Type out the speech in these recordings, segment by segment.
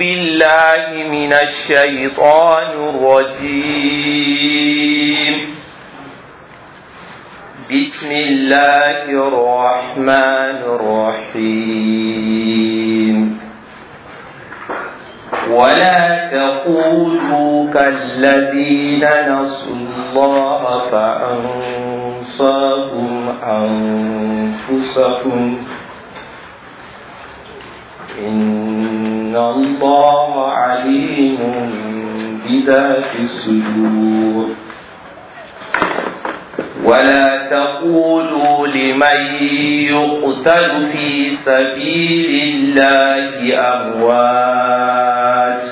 بالله من الشيطان الرجيم بسم الله الرحمن الرحيم ولا تقولوا كالذين نسوا الله فأنصاهم أنفسهم إن إن الله عليم بذات الصدور ولا تقولوا لمن يقتل في سبيل الله أموات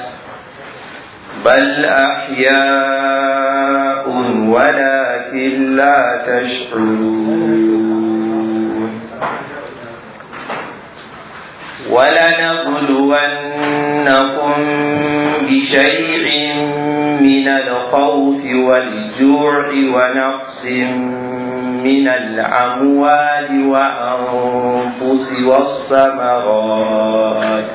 بل أحياء ولكن لا تشعرون ولنبلونكم بشيء من الخوف والجوع ونقص من الأموال وأنفس والثمرات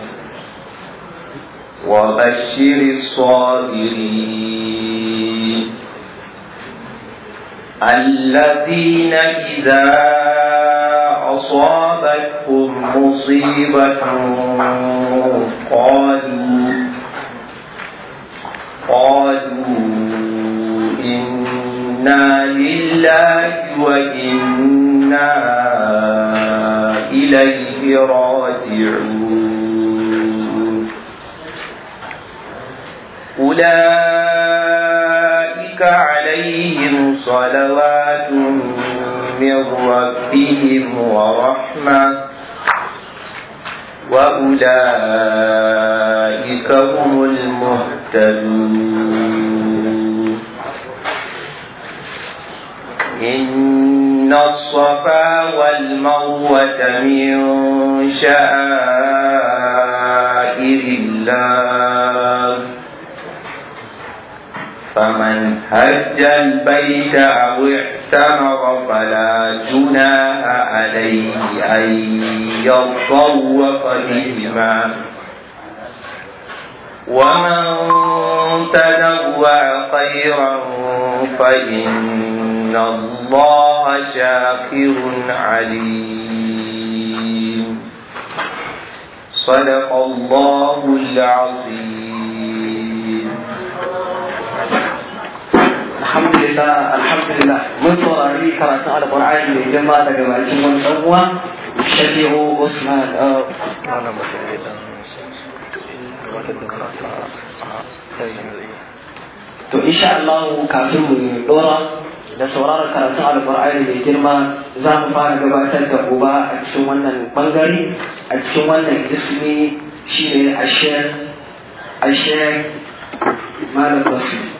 وبشر الصابرين الذين إذا أصابتهم مصيبة قالوا قالوا إنا لله وإنا إليه راجعون أولئك عليهم صلوات من ربهم ورحمة وأولئك هم المهتدون إن الصفا والمروة من شائر الله فمن هج البيت أو اعتمر فلا جناح عليه أن يطوف بهما ومن تنوع خيرا فإن الله شاكر عليم صدق الله العظيم alhamdulillah alhamdulillah mun saurari karatu alqur'ani mai girma daga bakin wani dan uwa shafi'u usman uh, to insha Allah kafin mu dora da sauraron karatun alkur'ani mai girma za mu fara gabatar da uba a cikin wannan bangare a cikin wannan ismi shine ashir ashir malam basu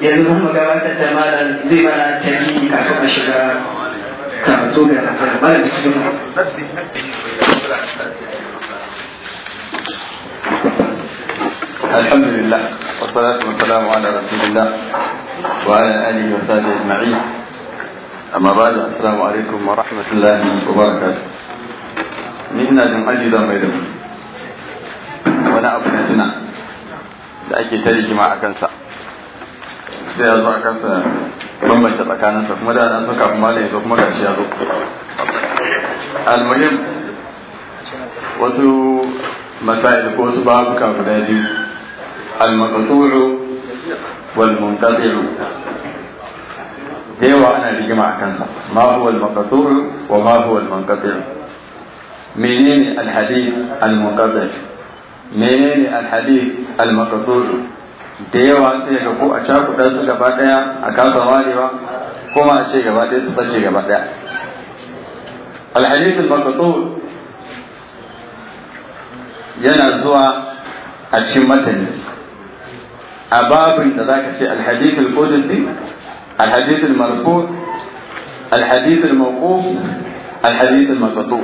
yanzu za mu gabatar da malam zai mana tarihi kafin a shiga karatu ga malam bismillah الحمد لله والصلاة والسلام على رسول الله وعلى آله وصحبه أجمعين أما بعد السلام عليكم ورحمة الله وبركاته نحن جمع أجل ميدم وأنا أبنى تنا da ake ta rigima a kansa sai ya zo a kasa bambanta tsakaninsa kuma da an suka kuma da zo kuma gashi ya zo almuhim wasu masail ko wasu babuka guda biyu almaqtu'u wal munqati'u da yawa ana rigima a kansa ma huwa al wa ma huwa al-munqati' menene al-hadith al-munqati' menene al-hadith al-maqtur da yawa sai ga ko a cakuɗa su gaba ɗaya a kasa warewa kuma a ce gaba ɗaya su fashe gaba ɗaya alhadithul maqtu yana zuwa a cikin matani a babin da zaka ce alhadithul qudsi alhadithul marfu alhadithul mawquf alhadithul maqtu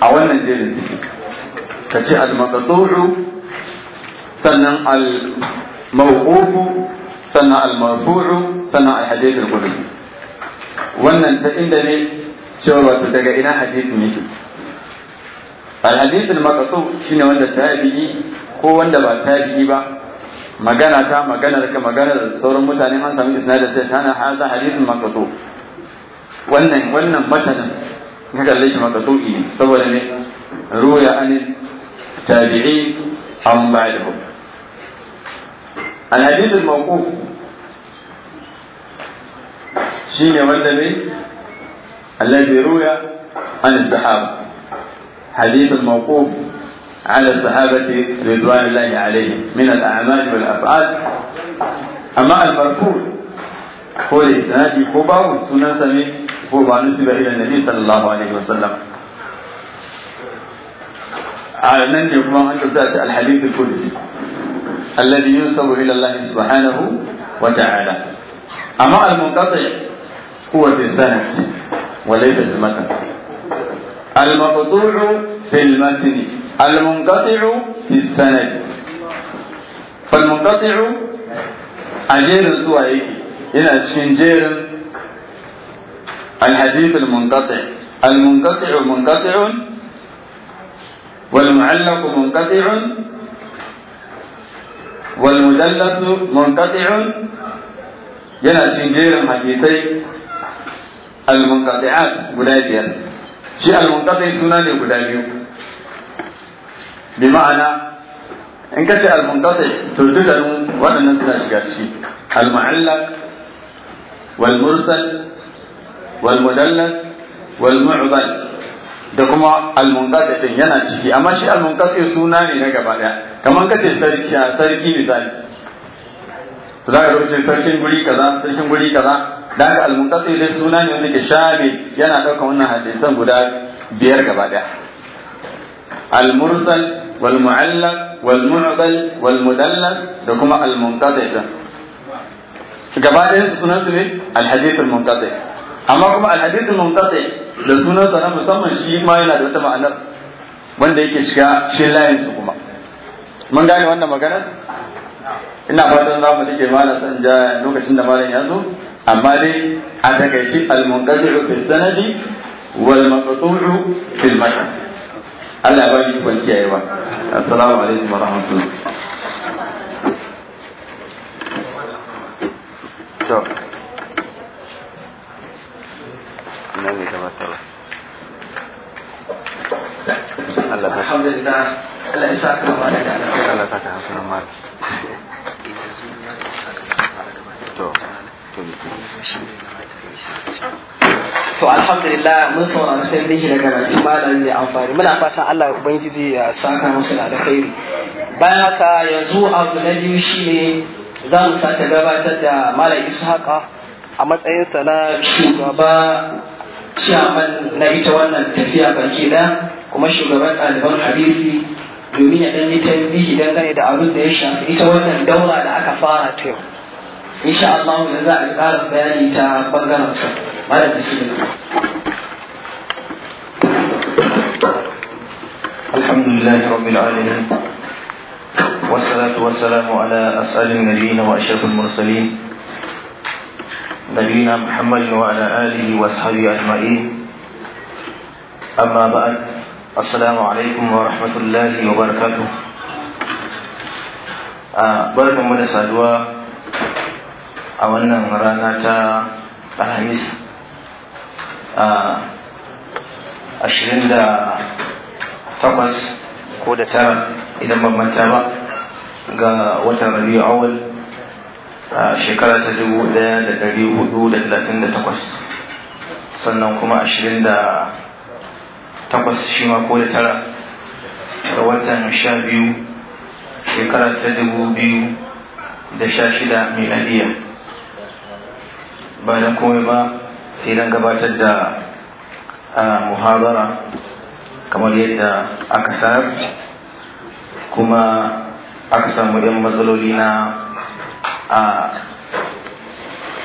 a wannan jerin suke ka ce al-maqtu sannan al mawqufu sannan al-marfu'u sannan al-hadith wannan ta inda ne cewa wato daga ina hadithin yake al-hadith al-maqtu shine wanda ta tabi'i ko wanda ba ta tabi'i ba magana ta maganar ka maganar sauran mutane an samu isnadin sai tana hadha hadith maqtu wannan wannan matanin ka kalle shi ne saboda ne ruya anil tabi'i an ba'dahu الحديث الموقوف شين والنبي الذي روي عن الصحابة حديث الموقوف على الصحابة رضوان الله عليهم من الأعمال والأفعال أما المرفوع هو الإسناد كوبا والسنة سمي كوبا نسب إلى النبي صلى الله عليه وسلم على أن يكون الحديث القدسي الذي ينسب إلى الله سبحانه وتعالى أما المنقطع هو في السند وليس في المتن المقطوع في المتن المنقطع في السند فالمنقطع أجير سوائك إلى شنجير الحديث المنقطع المنقطع منقطع والمعلق منقطع والمدلس منقطع ينا شنجير حديثي المنقطعات بلادية شيء المنقطع سناني بلادية بمعنى إن كشي المنقطع تردد وانا نسنا شكاشي المعلق والمرسل والمدلس والمعضل da kuma almunqati din yana ciki amma shi almunqati suna ne na gaba daya kamar kace sarki sarki misali to za ka rubuce sarkin guri kaza sarkin guri kaza dan ga almunqati dai suna ne wanda ke shabi yana daukan wannan hadisan guda biyar gaba daya almursal wal muallaq wal mu'dal wal mudallal da kuma almunqati din gaba ɗayan su sunan su ne alhadith almunqati amma kuma alhadith almunqati da sa na musamman shi ma yana da wata ma'anar wanda yake shiga shi layin su kuma mun gane wannan magana ina fatan za mu rike malam san ja lokacin da malam ya zo amma dai a takaici al munqadiru fi sanadi wal maqtu'u al matan Allah ba ni yayi ba assalamu alaikum wa rahmatullahi to ina mai gabatarwa Allah ta alhamdulillah Allah ya saka ma da Allah ta ka sunan mal to to alhamdulillah mun sauran sai da shi daga rafi da mai amfani muna fatan Allah ya ubangiji ya saka musu da alkhairi bayan haka yanzu abu na biyu shine za mu sace gabatar da malam ishaqa a matsayinsa na shugaba ciyaman na ita wannan tafiya baki da kuma shugaban ɗaliban hadisi domin ya ɗan yi tambihi dangane da abin da ya shafi ita wannan daura da aka fara ta yau insha Allah yanzu za a ƙara bayani ta bangaren sa malam bismillah الحمد لله رب العالمين والصلاة والسلام على أسأل النبيين وأشرف المرسلين نبينا محمد وعلى آله وصحبه أجمعين أما بعد السلام عليكم ورحمة الله وبركاته بارك من السادوة أولنا مرانا تا الحميس أشرين دا ko كودة تارا إذا ما manta ba ga watan rabi'u awal a shekara ta dubu ɗaya da ɗari hudu da talatin da takwas sannan kuma ashirin da takwas shi ma ko da tara da watan sha biyu shekara ta dubu biyu da sha shida miladiya ba komai ba sai don gabatar da muhabara kamar yadda aka sanar kuma aka samu 'yan matsaloli na a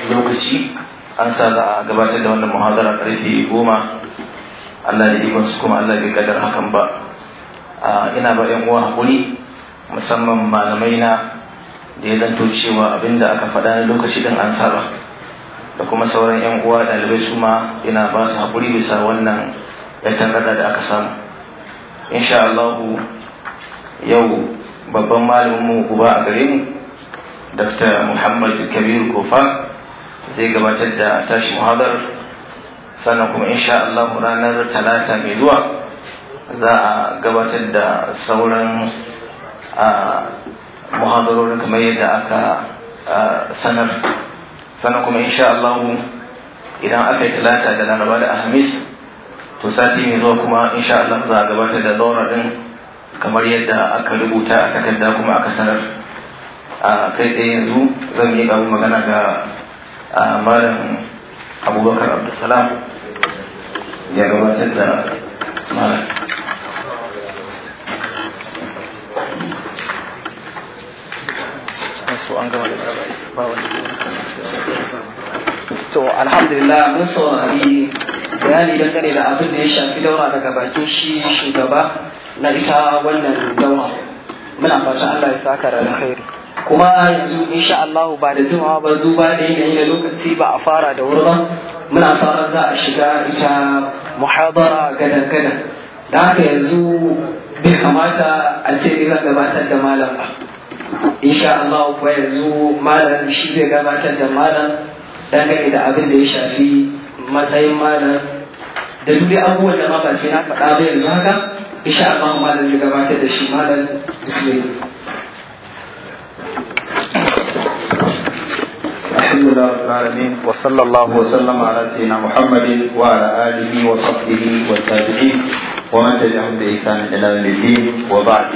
lokaci an sa za a gabatar da wannan muhadara karfe goma Allah da ikon su kuma Allah bai kadar hakan ba ina ba yan uwa hakuri musamman malamai na da ya zanto cewa abinda aka faɗa na lokaci din an saba da kuma sauran yan uwa ɗalibai su ma ina ba su hakuri bisa wannan ya tangarda da aka samu insha Allah yau babban malamin mu uba a gare mu dakta muhammad kabir kofa zai gabatar da tashi muhabar sannan kuma insha Allah ranar talata mai zuwa za a gabatar da sauran muhabarorin kamar yadda aka sanar sannan kuma insha Allah idan aka yi talata da laraba da alhamis to sati mai zuwa kuma insha Allah za a gabatar da daura din kamar yadda aka rubuta a takarda kuma aka sanar a kai tsaye yanzu zan yi abin magana ga malam abubakar abdulsalam ya gabatar da malam to alhamdulillah mun saurari bayani dangane da abin da ya shafi daura daga bakin shi shugaba na ita wannan daura muna fata Allah ya saka da alkhairi kuma yanzu insha Allah ba da zuwa ba duba da yanayi da lokaci ba a fara da wuri ba muna fara za a shiga ita muhadara gadan gadan da haka yanzu bai kamata a ce zan gabatar da malam ba insha Allah ko yanzu malam shi zai gabatar da malam dangane da abin da ya shafi matsayin malam da duk abubuwan da ma ba sai na faɗa ba yanzu haka insha Allah malam zai gabatar da shi malam bismillah الحمد لله رب العالمين وصلى الله وسلم على سيدنا محمد وعلى اله وصحبه والتابعين ومن تبعهم باحسان الى يوم الدين وبعد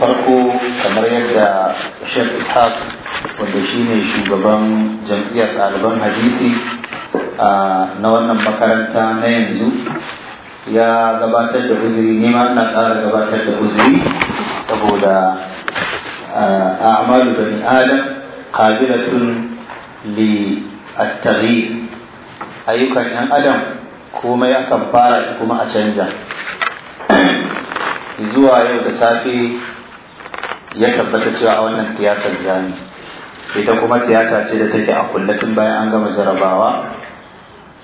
farko kamar yadda Sheikh Ishaq wanda shine shugaban jam'iyyar ɗaliban hadisi ah, na wannan makaranta na yanzu ya gabatar da uzuri ne ma ina ƙara gabatar da uzuri saboda أعمال بني آدم قابلة للتغيير أيوكا أن آدم كما يكن فارش كما أتنجا zuwa yau da safe ya tabbata cewa a wannan tiyatar zane ita kuma tiyata ce da take a kullatin bayan an gama jarabawa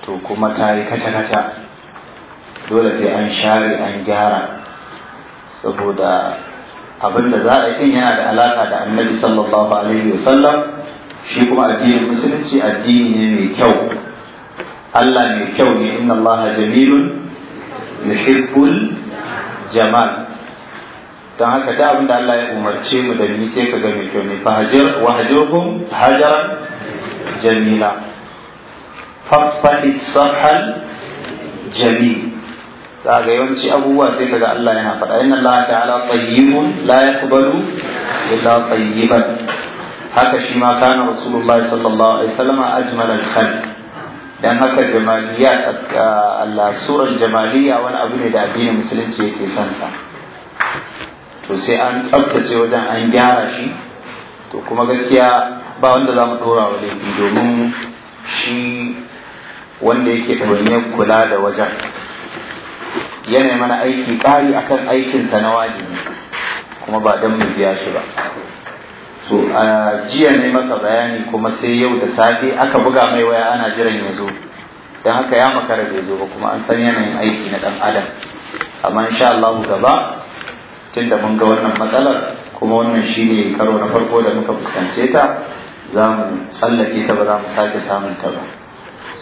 to kuma ta yi kaca-kaca dole sai an share an gyara saboda abin da za a yi yana da alaka da annabi sallallahu alaihi wasallam shi kuma addinin musulunci addini ne mai kyau Allah mai kyau ne inna Allah jamilun yuhibbul jamal don haka da abin da Allah ya umarce mu da ni sai ka ga mai kyau ne fahajir wa hajurkum hajaran jamila fasfahi safhal jamil za ga yawanci abubuwa sai kaga Allah yana faɗa inna Allah ta'ala tayyibun la yaqbalu illa tayyiban haka shi ma kana rasulullah sallallahu alaihi wasallam ajmal al dan haka jamaliya ah, Allah surar jamaliya wani abu ne da addinin musulunci yake son sa to sai an tsaftace wajen an gyara shi to kuma gaskiya ba wanda za mu dora wa laifi domin shi wanda yake ɗaure kula da wajen yana mana aiki ƙari akan aikinsa na wajibi kuma ba don mu biya shi ba so a jiya ne masa bayani kuma sai yau da safe aka buga mai waya ana jiran ya zo don haka ya makara bai zo ba kuma an san yanayin aiki na ɗan adam amma insha Allah gaba tun da mun ga wannan matsalar kuma wannan shine karo na farko da muka fuskance ta za mu tsallake ta ba za mu sake samun ta ba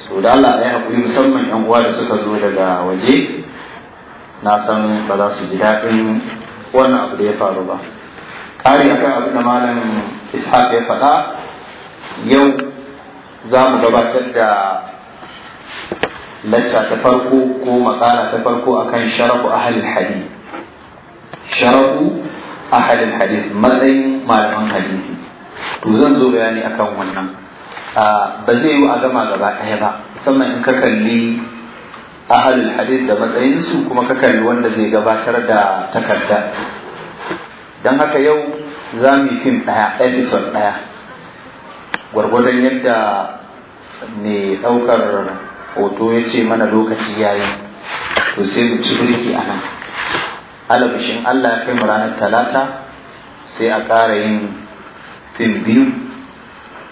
so da Allah ya haƙuri musamman 'yan uwa da suka zo daga waje na san ba za su ji daɗin wannan abu da ya faru ba ƙari kan abu da malam ishaq ya faɗa yau za mu gabatar da lacca ta farko ko makala ta farko akan sharafu ahalin hadith sharafu ahalin hadith matsayin malaman hadisi to zan zo bayani akan wannan ah, ba zai yi a gama gaba ɗaya ba musamman in ka kalli ahalul hadith da matsayinsu kuma ka kalli wanda zai gabatar da takarda don haka yau za mu yi fim ɗaya episode ɗaya gwargwadon yadda mai ɗaukar hoto ya ce mana lokaci yayi to sai mu ci birki a nan alabishin allah kai mu ranar talata sai a ƙara yin fim biyu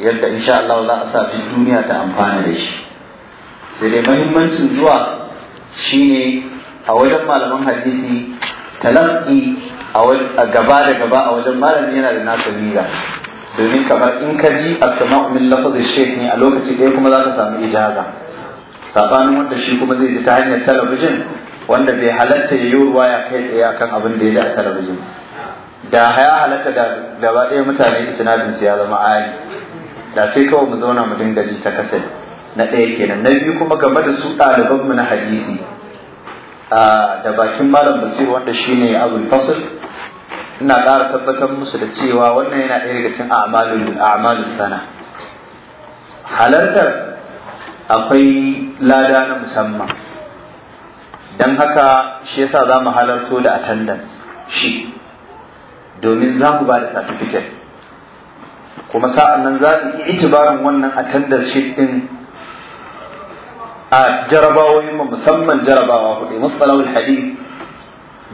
yadda insha za a sa fi duniya ta amfana da shi sai dai mahimmancin zuwa shine a wajen malaman hadisi talaki a gaba da gaba a wajen malami yana da nasa riga domin kamar in ka ji asma'u min lafazin sheikh ne a lokaci ɗaya kuma za ka samu ijaza sabanin wanda shi kuma zai ji ta hanyar talabijin wanda bai halatta ya yi ya kai tsaye kan abin da ya ji a talabijin da ya halatta da gaba ɗaya mutane isnadin su ya zama ayi da sai kawai mu zauna mu dinga ji ta kasai na ɗaya kenan na biyu kuma game da su ɗalibanmu na hadisi da bakin malam basir wanda shine abul fasl ina ƙara tabbatar musu da cewa wannan yana ɗaya daga cikin a'malul a'malus sana halartar akwai lada na musamman dan haka shi yasa za mu halarto da attendance shi domin za mu ba da certificate kuma sa'an nan za mu yi itibarin wannan attendance sheet ɗin. a jarabawoyin mu musamman jarabawa kuɗi musalawul hadith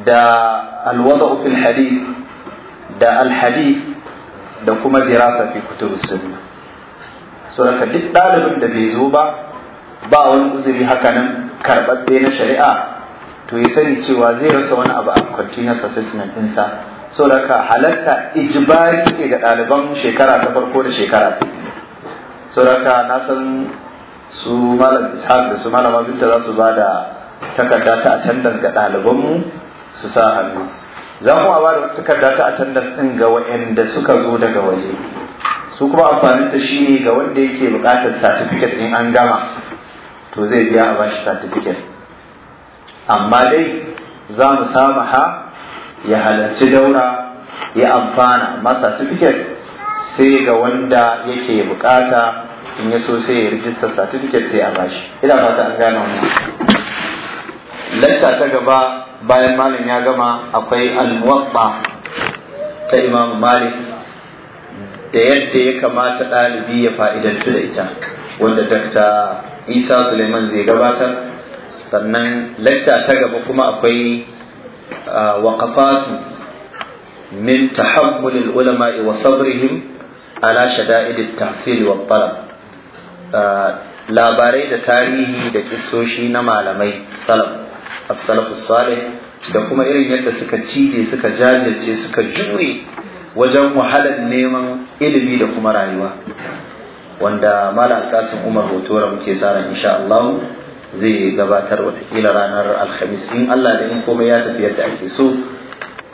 da alwada fil hadith da alhadith da kuma dirasa fi kutubus sunna so duk ɗalibin da bai zo ba ba wani uzuri haka nan karɓaɓɓe na shari'a to ya sani cewa zai rasa wani abu a continuous assessment ɗinsa so daga halatta ijibari ce ga ɗaliban shekara ta farko da shekara ta so daga na san su malam ishaq da su malama binta za su ba da takarda ta attendance ga ɗalibanmu su sa hannu za mu ba da takarda ta attendance ɗin ga waɗanda suka zo daga waje su kuma amfanin shi ne ga wanda yake buƙatar certificate in an gama to zai biya a bashi certificate amma dai za mu samu ha ya halarci daura ya amfana amma certificate sai ga wanda yake buƙata in ya so sai ya rijistar certificate sai a bashi ina fata an gano mu. lacca ta gaba bayan malam ya gama akwai almuwatta ta imam malik da yadda ya kamata ɗalibi ya fa'idantu da ita wanda dr isa suleiman zai gabatar sannan lacca ta gaba kuma akwai waƙafatu min tahammul ulama wa sabrihim ala at tahsil wa talab Eh, labarai da tarihi da kisoshi na malamai salaf as-salafus salih da kuma irin yadda suka cije suka jajirce suka jure wajen wahalar neman ilimi da kuma rayuwa wanda malam kasim umar hotora muke sara insha Allah zai gabatar watakila ranar alhamis in Allah da in komai ya tafi yadda ake so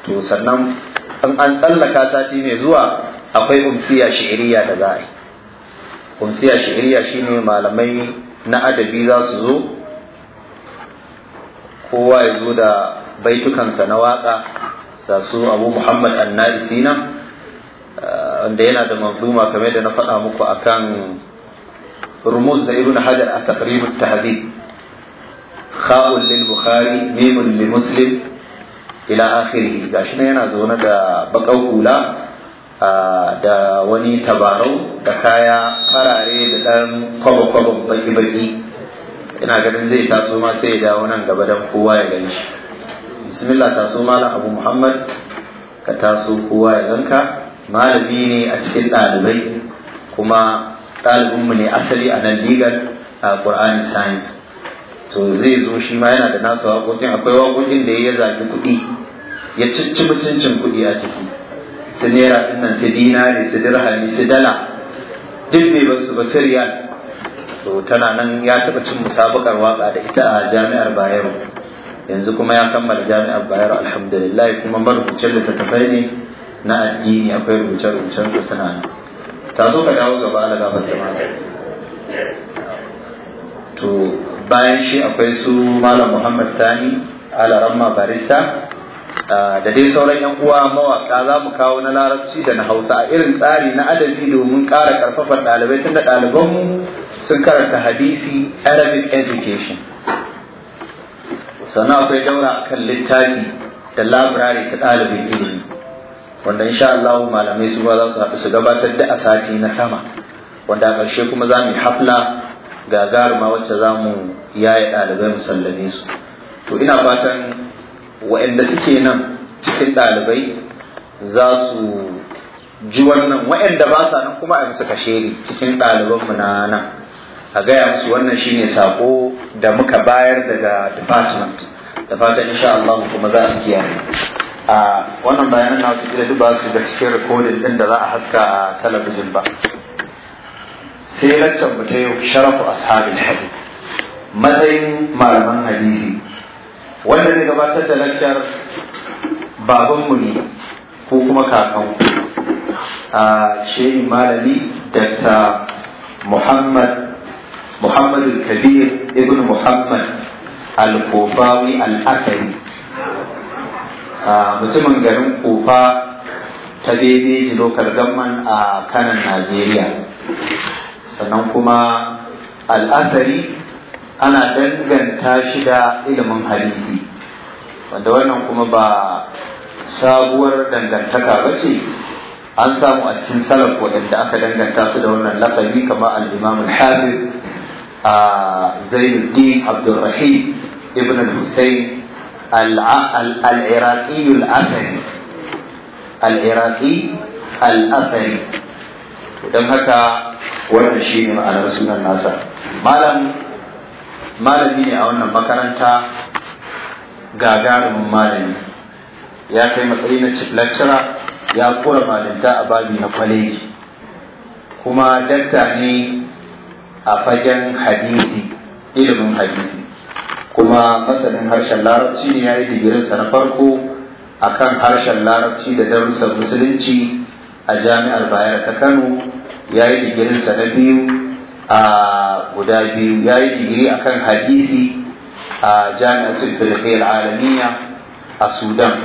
to sannan an tsallaka sati mai zuwa akwai umsiya shi'iriya da za a yi kunsiya shi'iriya shine malamai na adabi za su zo kowa ya zo da baitukansa na waka da su abu muhammad annalisi nan eh, wanda yana da manzuma kame da na faɗa muku akan rumus da ibn hajar a taqribut tahdhib kha'un lil bukhari mimun lil muslim ila akhirih gashi yana zaune da baƙar hula da wani tabarau da kaya farare da ɗan kwaba kwabo baki-baki ina ganin zai taso ma sai ya dawo nan gaba don kowa ya gani shi bismillah taso malam abu muhammad ka taso kowa ya ganka malami ne a cikin ɗalibai kuma ɗalibinmu ne asali a nan legal a qur'an science to zai zo shi ma yana da nasa waƙoƙin akwai waƙoƙin da ya zaki kuɗi ya cicci mutuncin kuɗi a ciki su naira dinnan su dinari su dirhami su dala duk ne ba su ba to tana nan ya taɓa cin musabakar waka da ita a jami'ar bayero yanzu kuma ya kammala jami'ar bayero alhamdulillah kuma marubucin littattafai ne na addini akwai rubuce-rubucen su suna nan ta so ka dawo gaba da gaban jama'a to bayan shi akwai su malam muhammad sani alaramma barista Ah, da dai sauran yan uwa mawaka za mu kawo na larabci da na hausa a irin tsari na adadi domin ƙara karfafa ɗalibai tun da ɗalibanmu sun karanta hadisi arabic education sannan akwai daura kan littafi da labirari ta ɗalibin ilimi wanda insha Allah malamai su ba za su haɗu su gabatar da a sati na sama wanda a ƙarshe kuma za mu yi hafla gagaruma wacce za mu yaye ɗalibai mu sallame su to ina fatan wa'anda suke nan cikin ɗalibai za su ji wannan wa'anda ba sa nan kuma a musu kasheri cikin ɗalibanmu na nan a gaya musu wannan shine sako da muka bayar daga department da fatan insha Allah kuma za su kiyaye a wannan bayanan na wasu kila duba su ga cikin rikodin din da za a haska a talabijin ba sai laccan mu ta yau sharafu ashabin hadith matsayin malaman hadisi wanda zai gabatar da lakcar babanmu ne ko kuma kakan a shehin malami dr muhammad muhammad kabir ibn muhammad al-kofawi al-akari mutumin garin kofa ta bebeji lokar gamman a kanan najeriya sannan kuma al'asari ana danganta shi da ilimin hadisi wanda wannan kuma ba sabuwar dangantaka ba ce an samu a cikin salaf waɗanda aka danganta su da wannan lafari kamar al-imam al habib a zainuddin abdulrahim ibn al-husayn al-iraqi al-athari al don haka wannan shine ma'anar sunan nasa malam malami ne a wannan makaranta gagarumin malami ya kai matsayi na chief lecturer ya kora malinta a babi na kwaleji kuma dakta ne a fagen hadisi ilimin hadisi kuma masanin harshen larabci ne ya yi digirinsa na farko a kan harshen larabci da darussan musulunci a jami'ar bayar ta kano ya yi digirinsa na biyu guda biyu ya yi digiri a kan hadisi a jami'atul firqiyar alamiya a sudan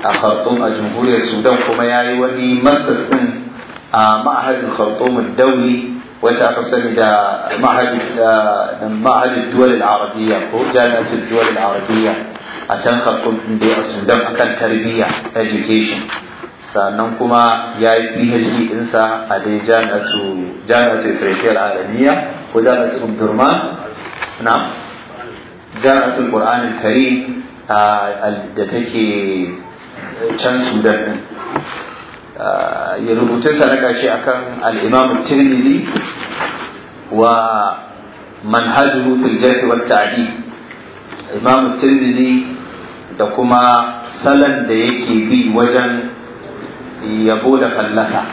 a khartum a jamhuriyar sudan kuma ya yi wani masters din a ma'ahadin khartoum dauli wacce aka sani da ma'ahadin duwal arabiyya ko jami'atul duwal arabiyya a can khartoum din dai a sudan akan tarbiyya education sannan kuma ya yi PhD ɗinsa a dai jami'atu jami'atu Ifritiyar Alamiya ko jami'atu Umdurma na jami'atu Qur'an Karim da take can Sudan din ya rubutun sa na ƙarshe akan al-Imam Tirmidhi wa manhajuhu fil jarh wa ta'dil Imam Tirmidhi da kuma salon da yake bi wajen yabo da fallasa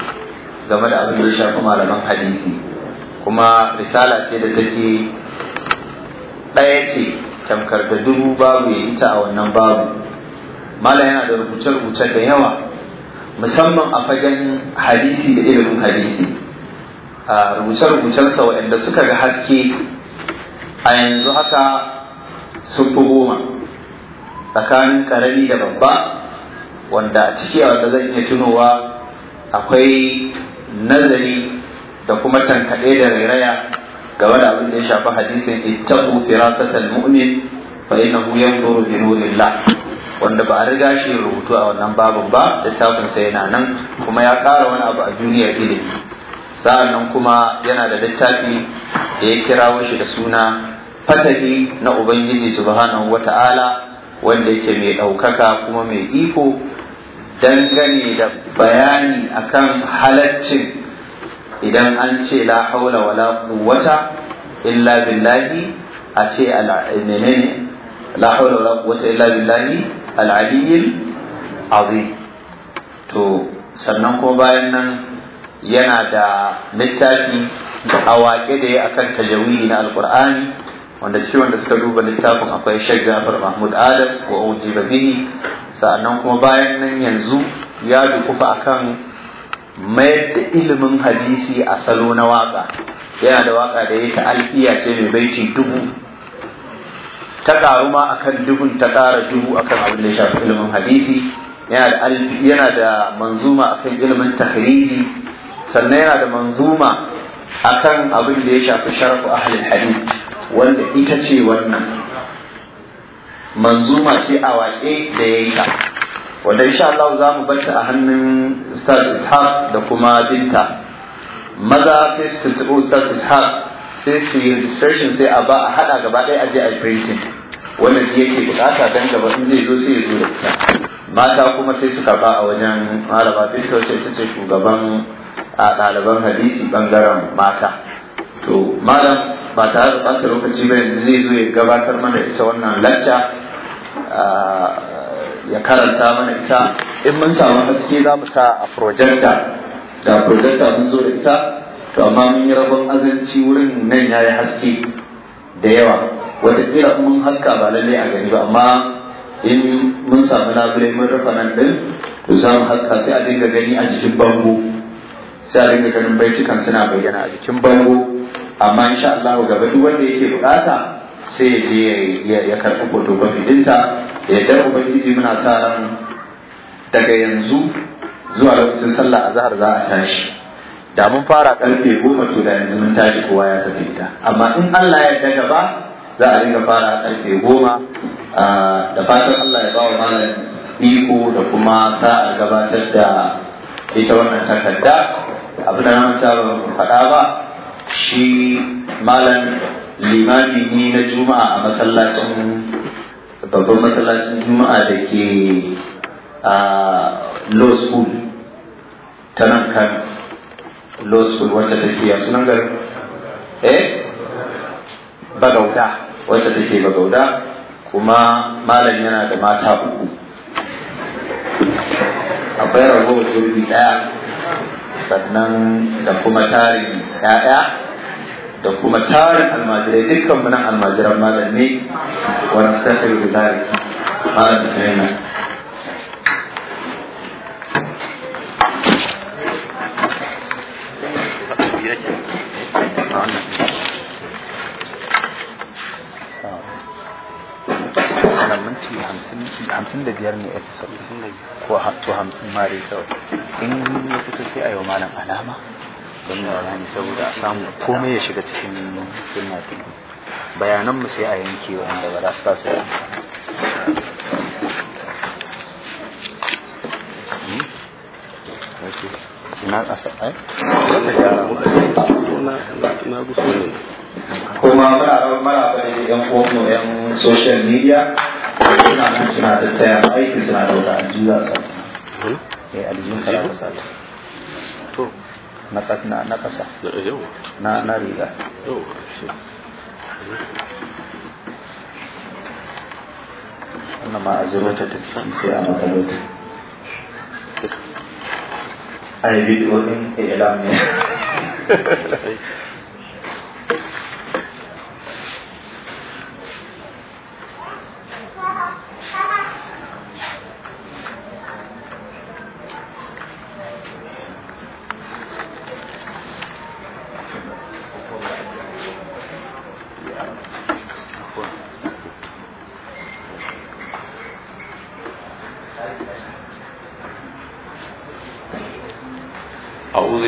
game da abin da ya shafi malaman hadisi kuma risala ce da take ɗaya ce tamkar da dubu babu ya ita a wannan babu malam yana da rubuce-rubuce da yawa musamman a fagen hadisi da ilimin hadisi a rubuce-rubucensa waɗanda suka ga haske a yanzu haka sun fi goma tsakanin karami da babba wanda a ciki a wanda zan iya tunowa akwai nazari da kuma tankaɗe da rairaya ga da abin da ya shafi hadisin ittaqu firasatal mu'min fa innahu yanzuru bi nurillah wanda ba a riga shi rubutu a wannan babin ba littafin sai yana nan kuma ya ƙara wani abu a duniyar ilimi sa'an nan kuma yana da littafi da ya kirawo shi da suna fatahi na ubangiji subhanahu wata'ala wanda yake mai ɗaukaka kuma mai iko dangane da bayani akan halaccin idan an ce la haula wala quwwata illa billahi a ce menene la haula wala quwwata illa billahi al-aliyyil azim to sannan ko bayan nan yana da littafi a waƙe da ya akan tajawiri na alƙur'ani wanda shi wanda suka duba littafin akwai shek jafar mahmud adam wa ujiba bihi sa'annan kuma bayan nan yanzu ya kufa akan mayar da ilimin hadisi a salo na waka yana da waka da ya ta'alfiya ce mai baiti dubu ta karu ma akan dubun ta kara dubu akan abin da shafi ilimin hadisi yana da manzuma akan ilimin tahriji sannan yana da manzuma akan abin da ya shafi sharfu ahlul hadith wanda ita ce wannan manzuma ce a waƙe da ya yi ta wanda insha Allah za mu a hannun Ustaz Ishaq da kuma binta maza sai su tuntuɓi Ustaz Ishaq sai su yi registration sai a ba a haɗa gaba ɗaya a je a printing wanda shi yake bukata dan gaba sun zai zo sai ya zo da ita mata kuma sai su karɓa a wajen malama binta wacce ita ce shugaban a ɗaliban hadisi ɓangaren mata to malam ba tare da ɓata lokaci ba yanzu zai zo ya gabatar mana ita wannan lacca ya karanta mana ita in mun samu haske za mu sa a projecta da projecta mun zo da ita to amma mun yi rabon azanci wurin nan ya yi haske da yawa wataƙila mun haska ba lalle a gani ba amma in mun samu labule mun rufa nan din to za mu haska sai a dinga gani a jikin bango sai a dinga ganin baitukan suna bayyana a jikin bango amma insha Allah gaba duk wanda yake bukata sai ya je ya karɓi photocopy fitinta ya dar ubangiji muna sa ran daga yanzu zuwa lokacin sallah a azhar za a tashi da mun fara karfe goma to da yanzu mun tashi kowa ya tafi gida amma in Allah ya yarda ba za a dinga fara karfe goma da fatan Allah ya bawa malam iko da kuma sa'a gabatar da ita wannan takarda abin da na manta faɗa ba shi malam Limamin ne na juma'a a masallacin babban masallacin juma'a da ke a law school ta nan kan law school wacce ta a sunan gari eh bagauda wacce ta ke bagauda kuma malam yana da mata uku akwai ragowar turbi daya sannan da kuma tarihi daya da kuma tarin almajirai dukkan mu nan almajiran malam ne wa naftahiru bi dhalik malam bismillah minti hamsin da biyar ne episode ko hamsin mare kawai in yi kusa sai a yau malam alama don na saboda a samu komai ya shiga cikin suna ɗin bayanan mu sai a yanke wanda ba za su yi hmm? ina kuma muna mara bari yan fomo yan social media suna nan suna ta aiki suna da wata aljihar sa hmm? eh, ne sa na ƙasa ah. na riga wannan ma a ta tafi sai a a yi bidiyo ɗin ilam ne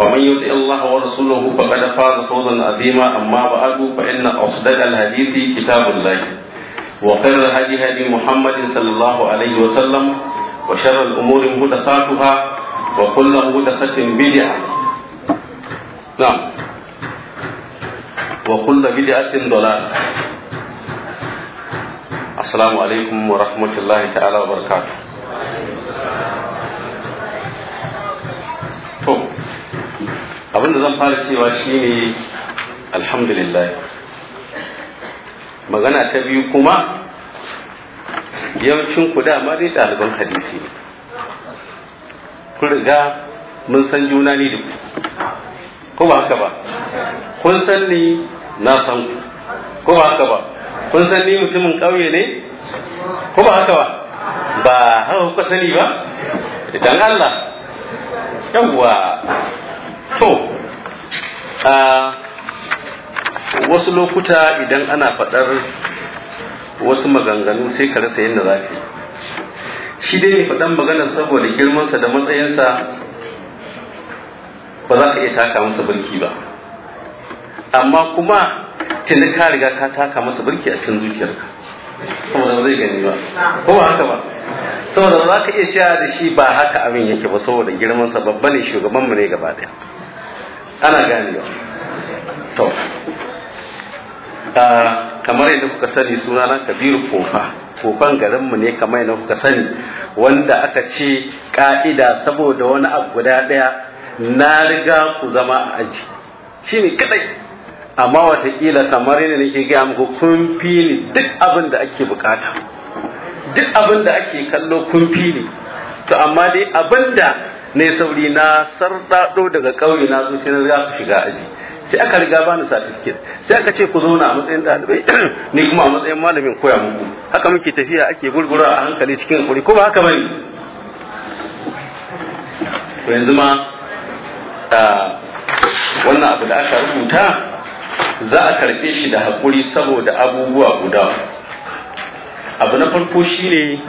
ومن يطع الله ورسوله فقد فاز فوزا عظيما اما بعد فان اصدق الحديث كتاب الله وخير الهدي هدي محمد صلى الله عليه وسلم وشر الامور محدثاتها وكل محدثه بدعه نعم وكل بدعه ضلاله السلام عليكم ورحمه الله تعالى وبركاته to abinda zan fara cewa shine alhamdulillah magana ta biyu kuma yawancin ku dama dai ɗaliban hadisi ne ku riga mun san juna ni da ku ba haka ba kun san ni na san ku ko ba haka ba kun san ni mutumin ƙauye ne ko ba haka ba ba haka kuka sani ba idan Allah yawwa to a wasu lokuta idan ana faɗar wasu maganganu sai ka rasa yadda za ka shi dai ne faɗan maganar saboda girmansa da matsayinsa ba za ka iya taka masa birki ba amma kuma tuni ka riga ka taka masa birki a cikin zuciyarka saboda ba zai gani ba ko ba haka ba saboda za ka iya cewa da shi ba haka abin yake ba saboda girmansa babba ne shugabanmu ne gaba ɗaya ana ganewa to ah, kamar yadda kuka sani suna na kabiru kofa kofan garinmu ne kamar yadda kuka sani wanda aka ce ka'ida saboda wani abu guda ɗaya na riga ku zama a aji shi ne kadai amma watakila kamar yadda nake gaya muku kun fili duk abin da ake bukata duk abin da ake kallo kun fili to amma dai abin da ne sauri na sarɗaɗo daga ƙauye na zo sai na ku shiga aji sai aka riga bani certificate sai aka ce ku zo na matsayin ɗalibai ni kuma a matsayin malamin koya muku haka muke tafiya ake gurgura a hankali cikin kuri ko ba haka bane to yanzu ma wannan abu da aka rubuta za a karɓe shi da hakuri saboda abubuwa guda abu na farko shine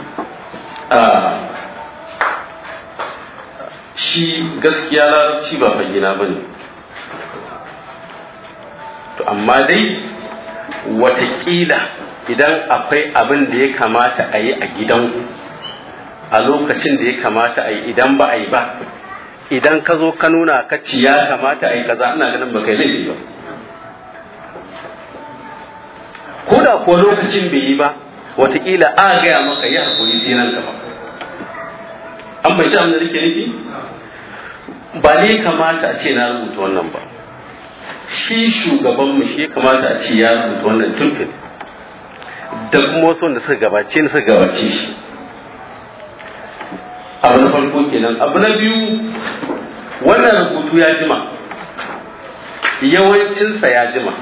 shi gaskiya larabci ba fayyana ba ne to amma dai watakila idan akwai abin da ya kamata a yi a gidanku a lokacin da ya kamata a yi idan ba a yi ba idan ka zo ka nuna ka ci ya kamata a yi kaza ana ganin ba kai laifi ba ko da kuwa lokacin bai yi ba watakila a gaya maka yi hakuri sai nan gaba an bai ci abin da rike nufi ba ne kamata a ce na rubuta wannan ba shi shugabanmu shi kamata a ce ya rubuta wannan tuntun da kuma wasu wanda suka gabace na suka gabace shi abu na farko kenan abu na biyu wannan rubutu ya jima yawancinsa ya jima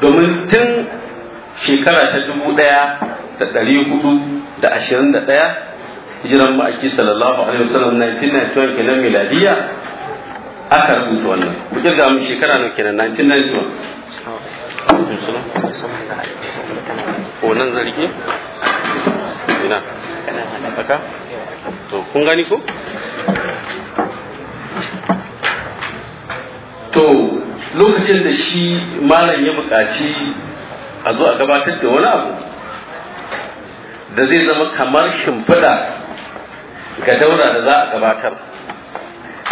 domin tun shekara ta dubu ɗaya da ɗari hudu da ashirin da ɗaya hijiran ma'aiki sallallahu alaihi wasallam 1991 kenan miladiya aka rubuta wannan ku kirga shekara ne kenan 1991 ko nan ina to kun gani ko to lokacin da shi malam ya buƙaci a zo a gabatar da wani abu da zai zama kamar shimfiɗa ga daura da za a gabatar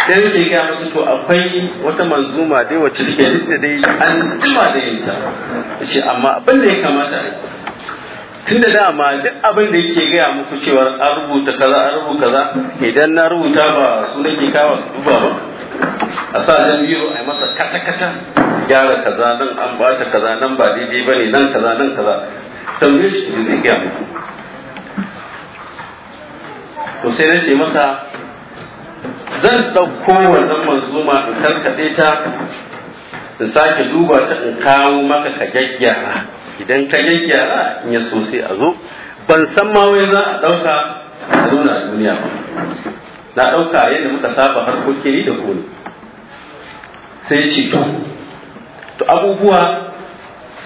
sai yake ga musu to akwai wata manzuma dai wacce take duk da dai an jima da yinta. shi amma abin da ya kamata ne tun da dama duk abin da yake gaya muku cewa an rubuta kaza an rubuta kaza idan na rubuta ba su nake kawo su duba ba a sa zan biyo a masa kata kata gyara kaza nan an bata kaza nan ba daidai bane nan kaza nan kaza tambayi shi zai gaya muku to sai na ce masa zan ɗauko wannan manzuma in karkaɗe ta in sake duba ta in kawo maka ka gyaggyara idan ka gyaggyara in ya so sai a zo ban san ma wai za a ɗauka a nuna duniya ba na ɗauka yadda muka saba harkokin ni da ku sai shi to to abubuwa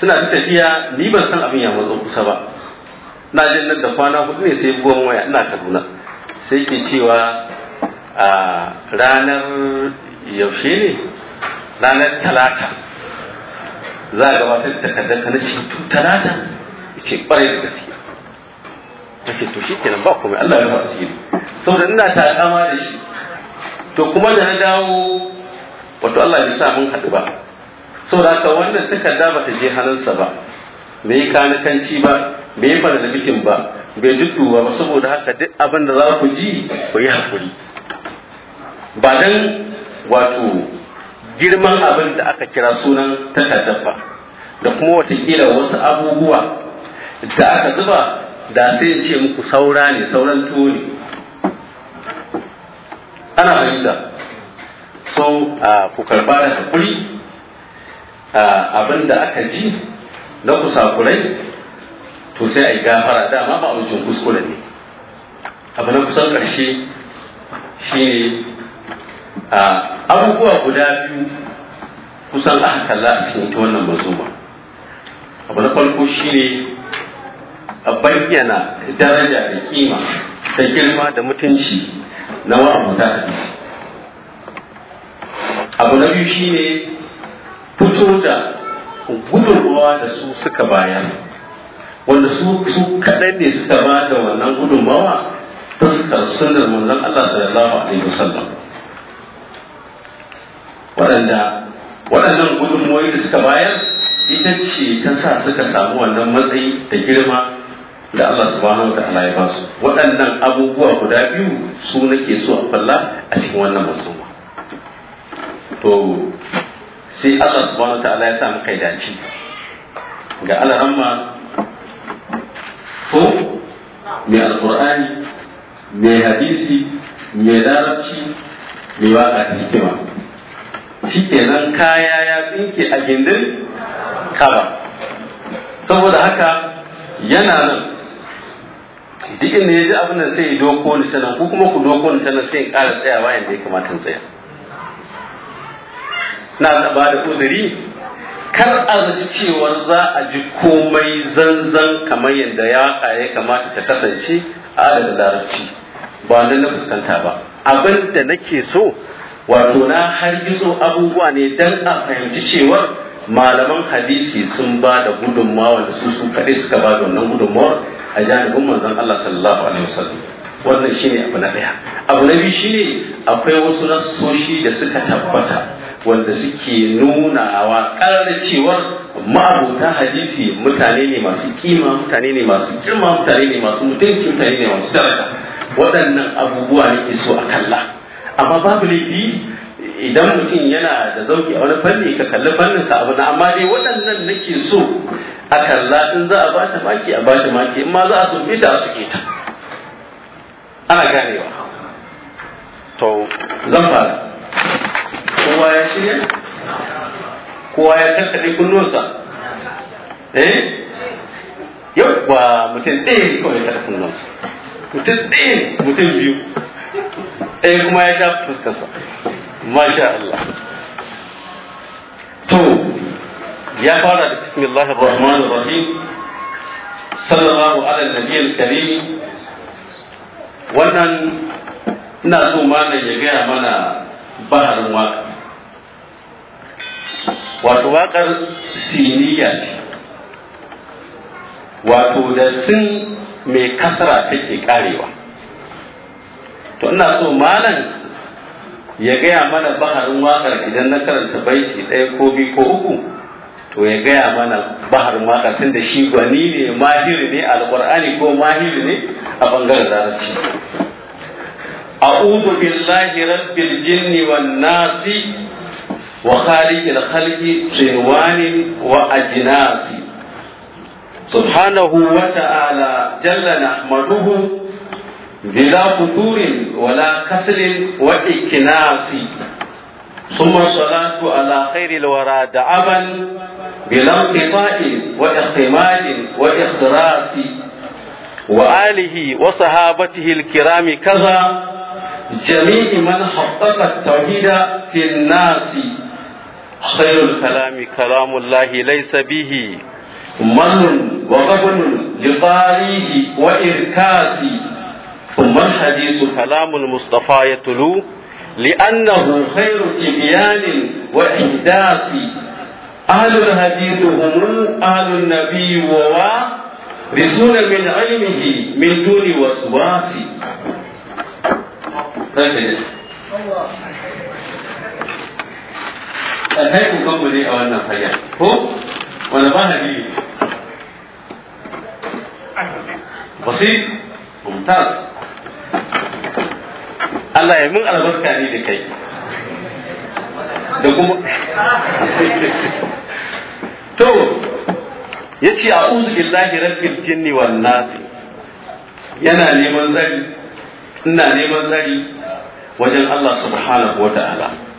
suna ta tafiya ni ban san abin ya matso kusa ba na jin da kwana hudu ne sai buwan waya ina kaduna sai ke cewa a ranar yaushe ne ranar talata za a gabatar da takardar ta na tun talata ce kwarai da gaske ce to shi kenan ba kuma Allah ya ba su saboda ina kama da shi to kuma da na dawo wato Allah ya sa mun haɗu ba saboda haka wannan takarda ba ta je hannunsa ba bai yi kanikanci ba bai yi fara da bikin ba bai ji ba saboda haka duk abin da za ku ji ku yi hakuri ba dan wato girman abin da aka kira sunan takardar ba da kuma watakila wasu abubuwa da aka zuba da sai ce muku saura ne sauran tuwo ne ana fahimta so ku karba da hakuri abin da aka ji na kusakurai to sai a yi gafara dama ba wajen kuskure ne abu na kusan ƙarshe shi ne abubuwa guda biyu kusan aka kalla a cikin ta wannan mazuma abu na farko shi ne a bayyana daraja da kima da girma da mutunci na wa'abuta hadisi abu na biyu shi ne fito da gudunmawa da su suka bayan. wanda su su kaɗai ne suka ba da wannan gudunmawa suka sunar manzon Allah sallallahu alaihi wasallam waɗanda waɗannan gudunmawoyi da suka bayar ita ce ta sa suka samu wannan matsayi da girma da Allah subhanahu wa ta'ala ya ba su waɗannan abubuwa guda biyu su nake so a falla a cikin wannan manzuma to sai Allah subhanahu wa ta'ala ya sa muka dace ga alaramma mai alkur'ani mai hadisi mai larabci mai waka ta hikima shi kenan kaya ya tsinke a gindin kaba saboda haka yana nan duk inda ya ji abin da sai doko ni ta nan ko kuma ku doko ni ta nan sai in ƙara tsayawa yadda ya kamata tsaya na ba da uzuri kar a zaci cewar za a ji komai zanzan kamar yadda ya ya kamata ta kasance a da larabci ba nan na fuskanta ba abin da nake so wato na har gizo abubuwa ne dan a fahimci cewar malaman hadisi sun ba da gudunmawa da su su kaɗai suka ba da wannan gudunmawar a janibin manzon Allah sallallahu alaihi wasallam wannan shine abu na ɗaya abu na biyu shine akwai wasu nasoshi da suka tabbata wanda suke nunawa ƙarar cewar ma'abuta hadisi mutane ne masu kima mutane ne masu girma mutane ne masu mutunci mutane ne masu daraka, waɗannan abubuwa ne iso a kalla amma babu laifi idan mutum yana da zauki a wani fanni ka kalli fannin ka abu na amma dai waɗannan nake so a kalla in za a ba ta maki a ba ta maki in ma za a sun da su ke ta ana ganewa to zan fara kowa ya shirya kowa ya kakkaɗe kunnuwansa eh yau ba mutum ɗaya ne kawai ya kakkaɗe kunnuwansa mutum ɗaya mutum biyu ɗaya kuma ya sha fuskarsa masha Allah to ya fara da bismillahir rahmanir rahim sallallahu ala nabiyil karim wannan ina so ma ya gaya mana baharin waka wato waƙar siniya ce wato da sin mai kasara take karewa to ina so malam ya gaya mana baharin waƙar idan na karanta baiti ɗaya ko biyu ko uku to ya gaya mana baharin waƙar da shi gwani ne mahiri ne alƙur'ani ko mahiri ne a ɓangaren larabci أعوذ بالله رب الجن والناس وخالق الخلق صنوان وأجناس سبحانه وتعالى جل نحمده بلا فتور ولا كسل وإكناس ثم الصلاة على خير الورى دعما بلا انقطاع واحتمال واختراس وآله وصحابته الكرام كذا جميع من حقق التوحيد في الناس خير الكلام كلام الله ليس به من وغبن لطاريه وإركاسي ثم الحديث كلام المصطفى يتلو لأنه خير تبيان وإحداث أهل الحديث هم أهل النبي ووارثون من علمه من دون وسواس. kai kanmu ne a wannan hanya ko wanda ba habibi basit mumtaz Allah ya mun albarka ne da kai da kuma to yace a'udhu billahi rabbil jinni wan nas yana neman zari ina neman zari wajen Allah subhanahu wa ta'ala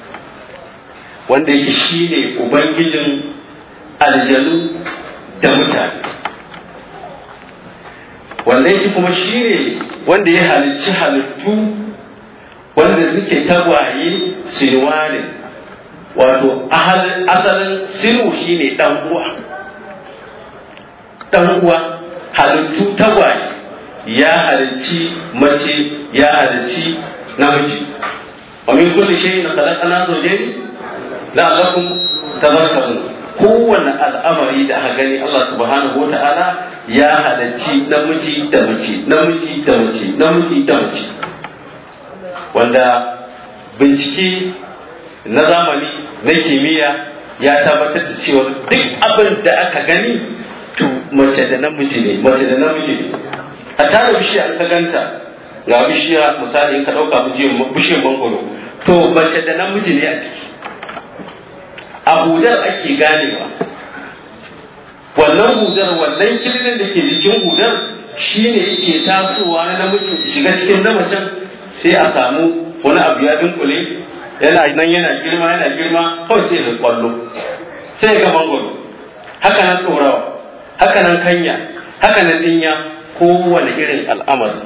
wanda yake shi ne ubangijin aljanu da mutane wanda yake kuma shi ne wanda ya halicci halittu wanda suke tagwaye silwanin wato asalin sinu shi ne uwa uwa halittu tagwaye ya halicci mace ya halicci namiji wa min kulli na kalakana zojeni la'allakum tadhakkarun kowanne al'amari da aka gani Allah subhanahu wa ta'ala ya halarci namiji da mace namiji da mace namiji da mace wanda bincike na zamani na kimiyya ya tabbatar da cewa duk abin da aka gani to mace da namiji ne mace da namiji ne a tare bishiya an ka ganta ga bishiya misali ka dauka bishiyar mangoro to mace da namiji ne a ciki a hudar ake ganewa wannan hudar wannan kilinin da ke jikin hudar shi ne yake tasowa na namijin shiga cikin namacin sai a samu wani abu ya dunkule yana nan yana girma yana girma kawai sai da kwallo sai ga mangwaro haka nan ɗorawa haka nan kanya haka nan dinya kowane irin al'amari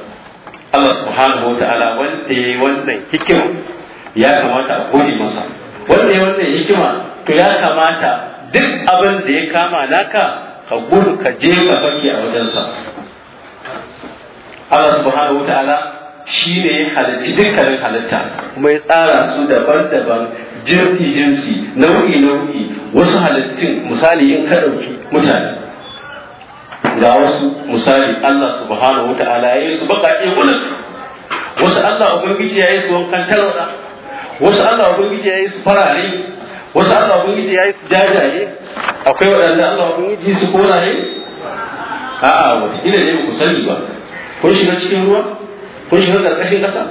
Allah subhanahu wa ta'ala wanda ya yi wannan hikima ya kamata a kodi masa wanda ya wannan hikima to ya kamata duk abin da ya kama naka ka gudu ka je ka fake a wajensa Allah subhanahu ta'ala shi ne ya halarci dukkanin halitta kuma ya tsara su daban-daban jinsi-jinsi nau'i-nau'i wasu halittun misali yin ka ɗauki mutane ga wasu misali Allah subhanahu ta'ala ya yi su baƙaƙe gudun wasu Allah ubangiji ya yi su wankan talauɗa wasu Allah ubangiji ya yi su farare wasu Allah ubangiji ya yi su jajaye akwai waɗanda Allah ubangiji su kona ne a'a wata ina ne ku sani ba kun shiga cikin ruwa kun shiga ƙarƙashin ƙasa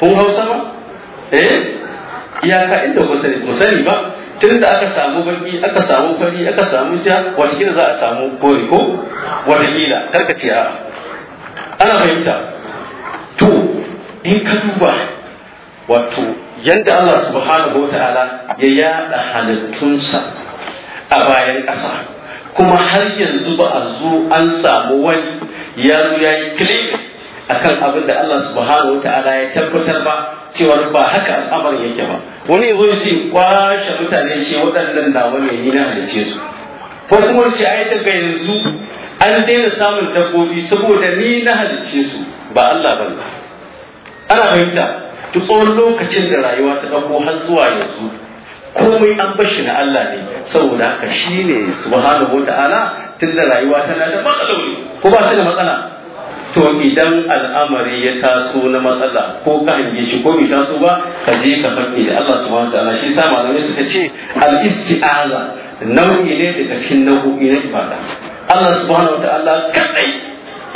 kun hau sama eh iyaka inda ku sani ba tun da aka samu baki aka samu fari aka samu ja watakila za a samu kore ko watakila karkace a ana fahimta to in ka duba wato yadda Allah subhanahu wa ta'ala ya yada halittunsa a bayan ƙasa kuma har yanzu ba a zo an samu wani ya zo ya yi kilif a kan abin da Allah subhanahu wa ta'ala ya tabbatar ba cewa ba haka al'amarin yake ba wani zo shi kwashe mutane shi waɗannan na wani yi na halice su ko kuma ce ai daga yanzu an daina samun dabbobi saboda ni na halice su ba Allah ba ana fahimta duk tsawon lokacin da rayuwa ta ɗauko har zuwa yanzu komai an bashi na Allah ne saboda haka shi ne subhanahu wa ta'ala tun da rayuwa tana da matsaloli ko ba ta da matsala to idan al'amari ya taso na matsala ko ka hange shi ko bai taso ba ka je ka fakke da Allah subhanahu wa ta'ala shi sa malamai suka ce al-isti'aza nau'i ne daga cikin nau'o'i na ibada Allah subhanahu wa ta'ala kadai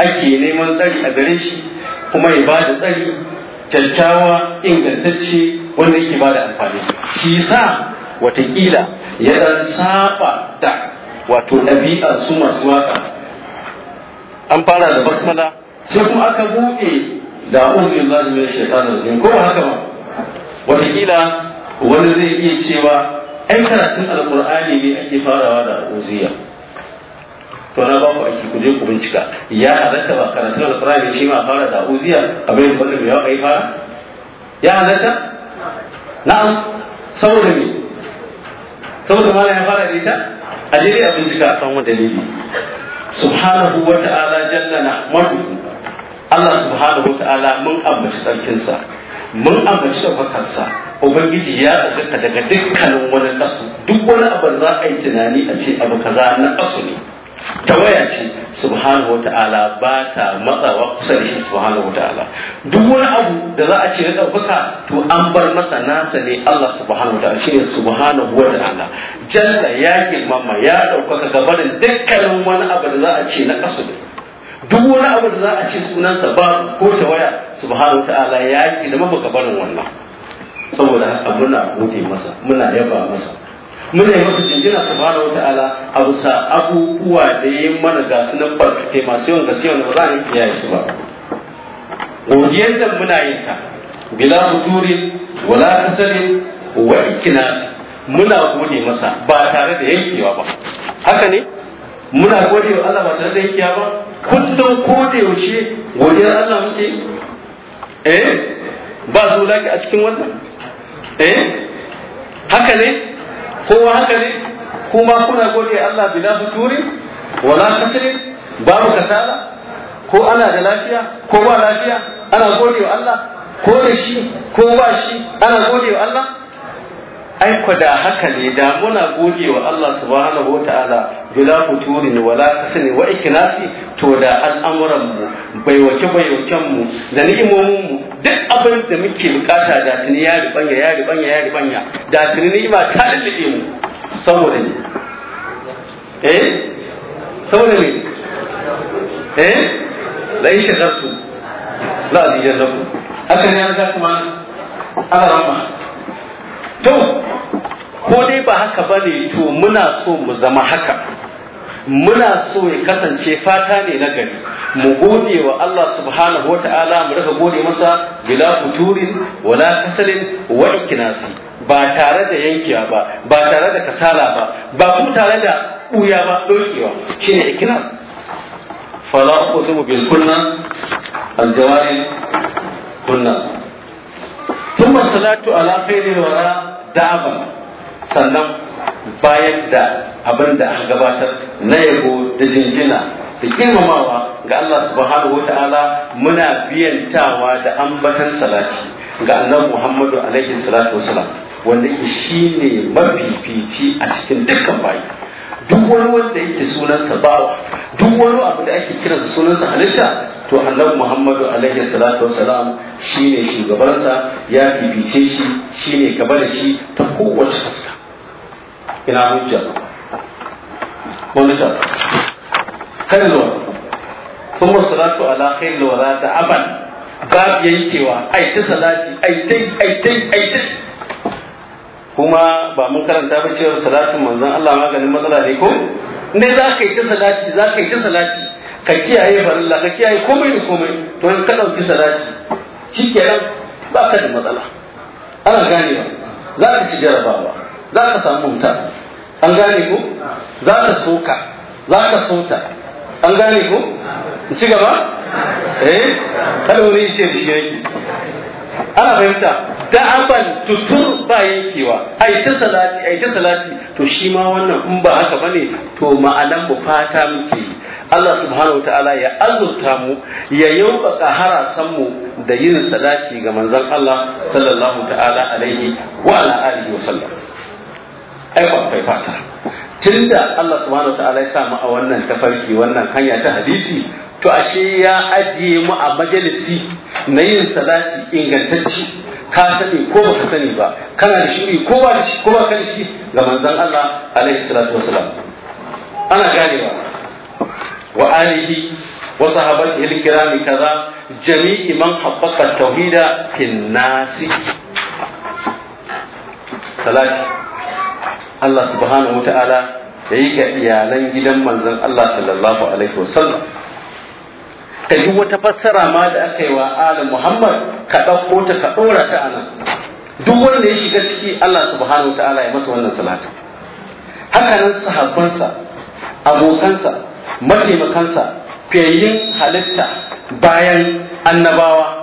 ake neman tsari a gare shi kuma ya ba da tsari kyakkyawa ingantacce wanda yake ba da amfani shi sa watakila ya dan saba da wato ɗabi'a su masu waka an fara da basmala sai kuma aka buɗe da uzun lalata mai shekaru da ko ba haka ba watakila wani zai iya cewa ai karatun alkur'ani ne ake farawa da uziya to na ba ku aiki ku je ku bincika ya halatta ba karatun alkurani shi ma fara da uziya abin yadda wanda mai yawa fara ya halatta na'am saboda me saboda mana ya fara da ita a jere a bincika kan wanda dalili subhanahu wa ta'ala jalla nahmaduhu Allah subhanahu wa ta'ala mun ambaci sa mun ambaci sa ubangiji ya ɗaukaka daga dukkanin wani kasu duk wani abu da za a yi tunani a ce abu kaza na kasu ne tawaya ce subhanahu ta'ala ba ta matsawa kusa da shi subhanahu ta'ala duk wani abu da za a ce na ɗaukaka to an bar masa nasa ne Allah subhanahu ta'ala shi ne subhanahu ta'ala jalla ya girmama ya ɗaukaka gabanin dukkanin wani abu da za a ce na kasu ne duk wani abu da za a ce sunansa ba ko tawaya subhanahu ta'ala ya girmama gabanin wannan saboda haka muna gode masa muna yaba masa muna yi masa jinjina subhanahu ala a bisa abubuwa da ya yi mana ga su nan masu yawan gaske wanda ba za a yi kiyaye su ba godiyar da muna yin ta bila huduri wala kasari wa ikina muna gode masa ba tare da yankewa ba haka ne muna gode wa Allah ba tare da yankewa ba kullum ko da yaushe godiyar Allah muke eh ba zo laki a cikin wannan eh haka ne kowa haka ne kuma kuna gode Allah bila futuri wala kasri babu kasala ko ana da lafiya ko ba lafiya ana gode wa Allah ko da shi ko ba shi ana gode wa Allah ai da haka ne da muna gode wa Allah subhanahu wataala ta'ala bila ni wala kasani wa ikhlasi to da al'amuran mu bai wake bai waken mu da ni'imomin mu duk abin da muke bukata da tuni ya ribanya ya ribanya ya ribanya da tuni ni'ima ta lullube mu saboda ne eh saboda ne eh la in shakartu la azijannakum haka ne an ga kuma aka rama to ko dai ba haka ba ne to muna so mu zama haka muna so ya kasance fata ne na gari mu gode wa Allah subhanahu wa ta'ala mu rika gode masa bila futurin wala kasalin wa ikinasi ba tare da yankewa ba ba tare da kasala ba ba kuma tare da buya ba dokewa shine ikinas fala uqsimu bil kunna al jawari kunna thumma salatu ala khairi wa da'aba sannan bayan da abin da aka gabatar na yabo da jinjina da girmamawa ga Allah subhanahu Ta'ala muna biyan biyantawa da ambatan salati ga Allah Muhammadu alaihi salatu wasalam wanda shi ne mafifici a cikin dukkan bayi duk wani wanda yake sunansa bawa duk wani abu da ake kiransa sunansa halitta to Allah Muhammadu alaihi salatu wasalam shine shugabansa ya fifice shi shine gaba da shi ta kowace fuska ina hujja hujja kada lura sun musulatu ala khair lura da aban babu yankewa ai salati ai tai ai kuma ba mun karanta ba cewar salatin manzon Allah maganin matsala ne ko ne za ka yi ta salati za ka yi ta salati ka kiyaye farilla ka kiyaye komai da komai to ka ɗauki salati shi kenan ba ka da matsala ana ganewa za ka ci jarabawa za ka samu mutu an gane ko za ka soka za ka sota an gane ko in ci gaba eh kada wani ce shi yake ana fahimta aban tutur ba yankewa ai ta salati ai ta salati to shi ma wannan in ba haka bane to ma'anan mu fata muke yi Allah subhanahu wataala ya azurta mu ya yaukaka harasan mu da yin salati ga manzon Allah sallallahu ta'ala alaihi wa ala alihi wa sallam ai ba kai fata tunda Allah subhanahu ta'ala ya sa mu a wannan tafarki wannan hanya ta hadisi to ashe ya ajiye mu a majalisi na yin salati ingantacci ka sani ko baka sani ba kana da shiri ko ba da shi ko ba kan shi ga manzon Allah alaihi salatu wasalam ana ganewa wa alihi wa sahabatihi al-kiram kaza jami'i man haqqaqa tauhida fil nasi salati Allah subhanahu ta'ala ya yi ga iyalan gidan manzon Allah sallallahu alaihi wasallam ka yi wata fassara ma da aka yi wa ala Muhammad ka ɗauko ta ka ɗora ta a nan duk wanda ya shiga ciki Allah subhanahu ta'ala ya masa wannan salatu Hakanan nan sahabbansa abokansa mataimakansa fiyayyin halitta bayan annabawa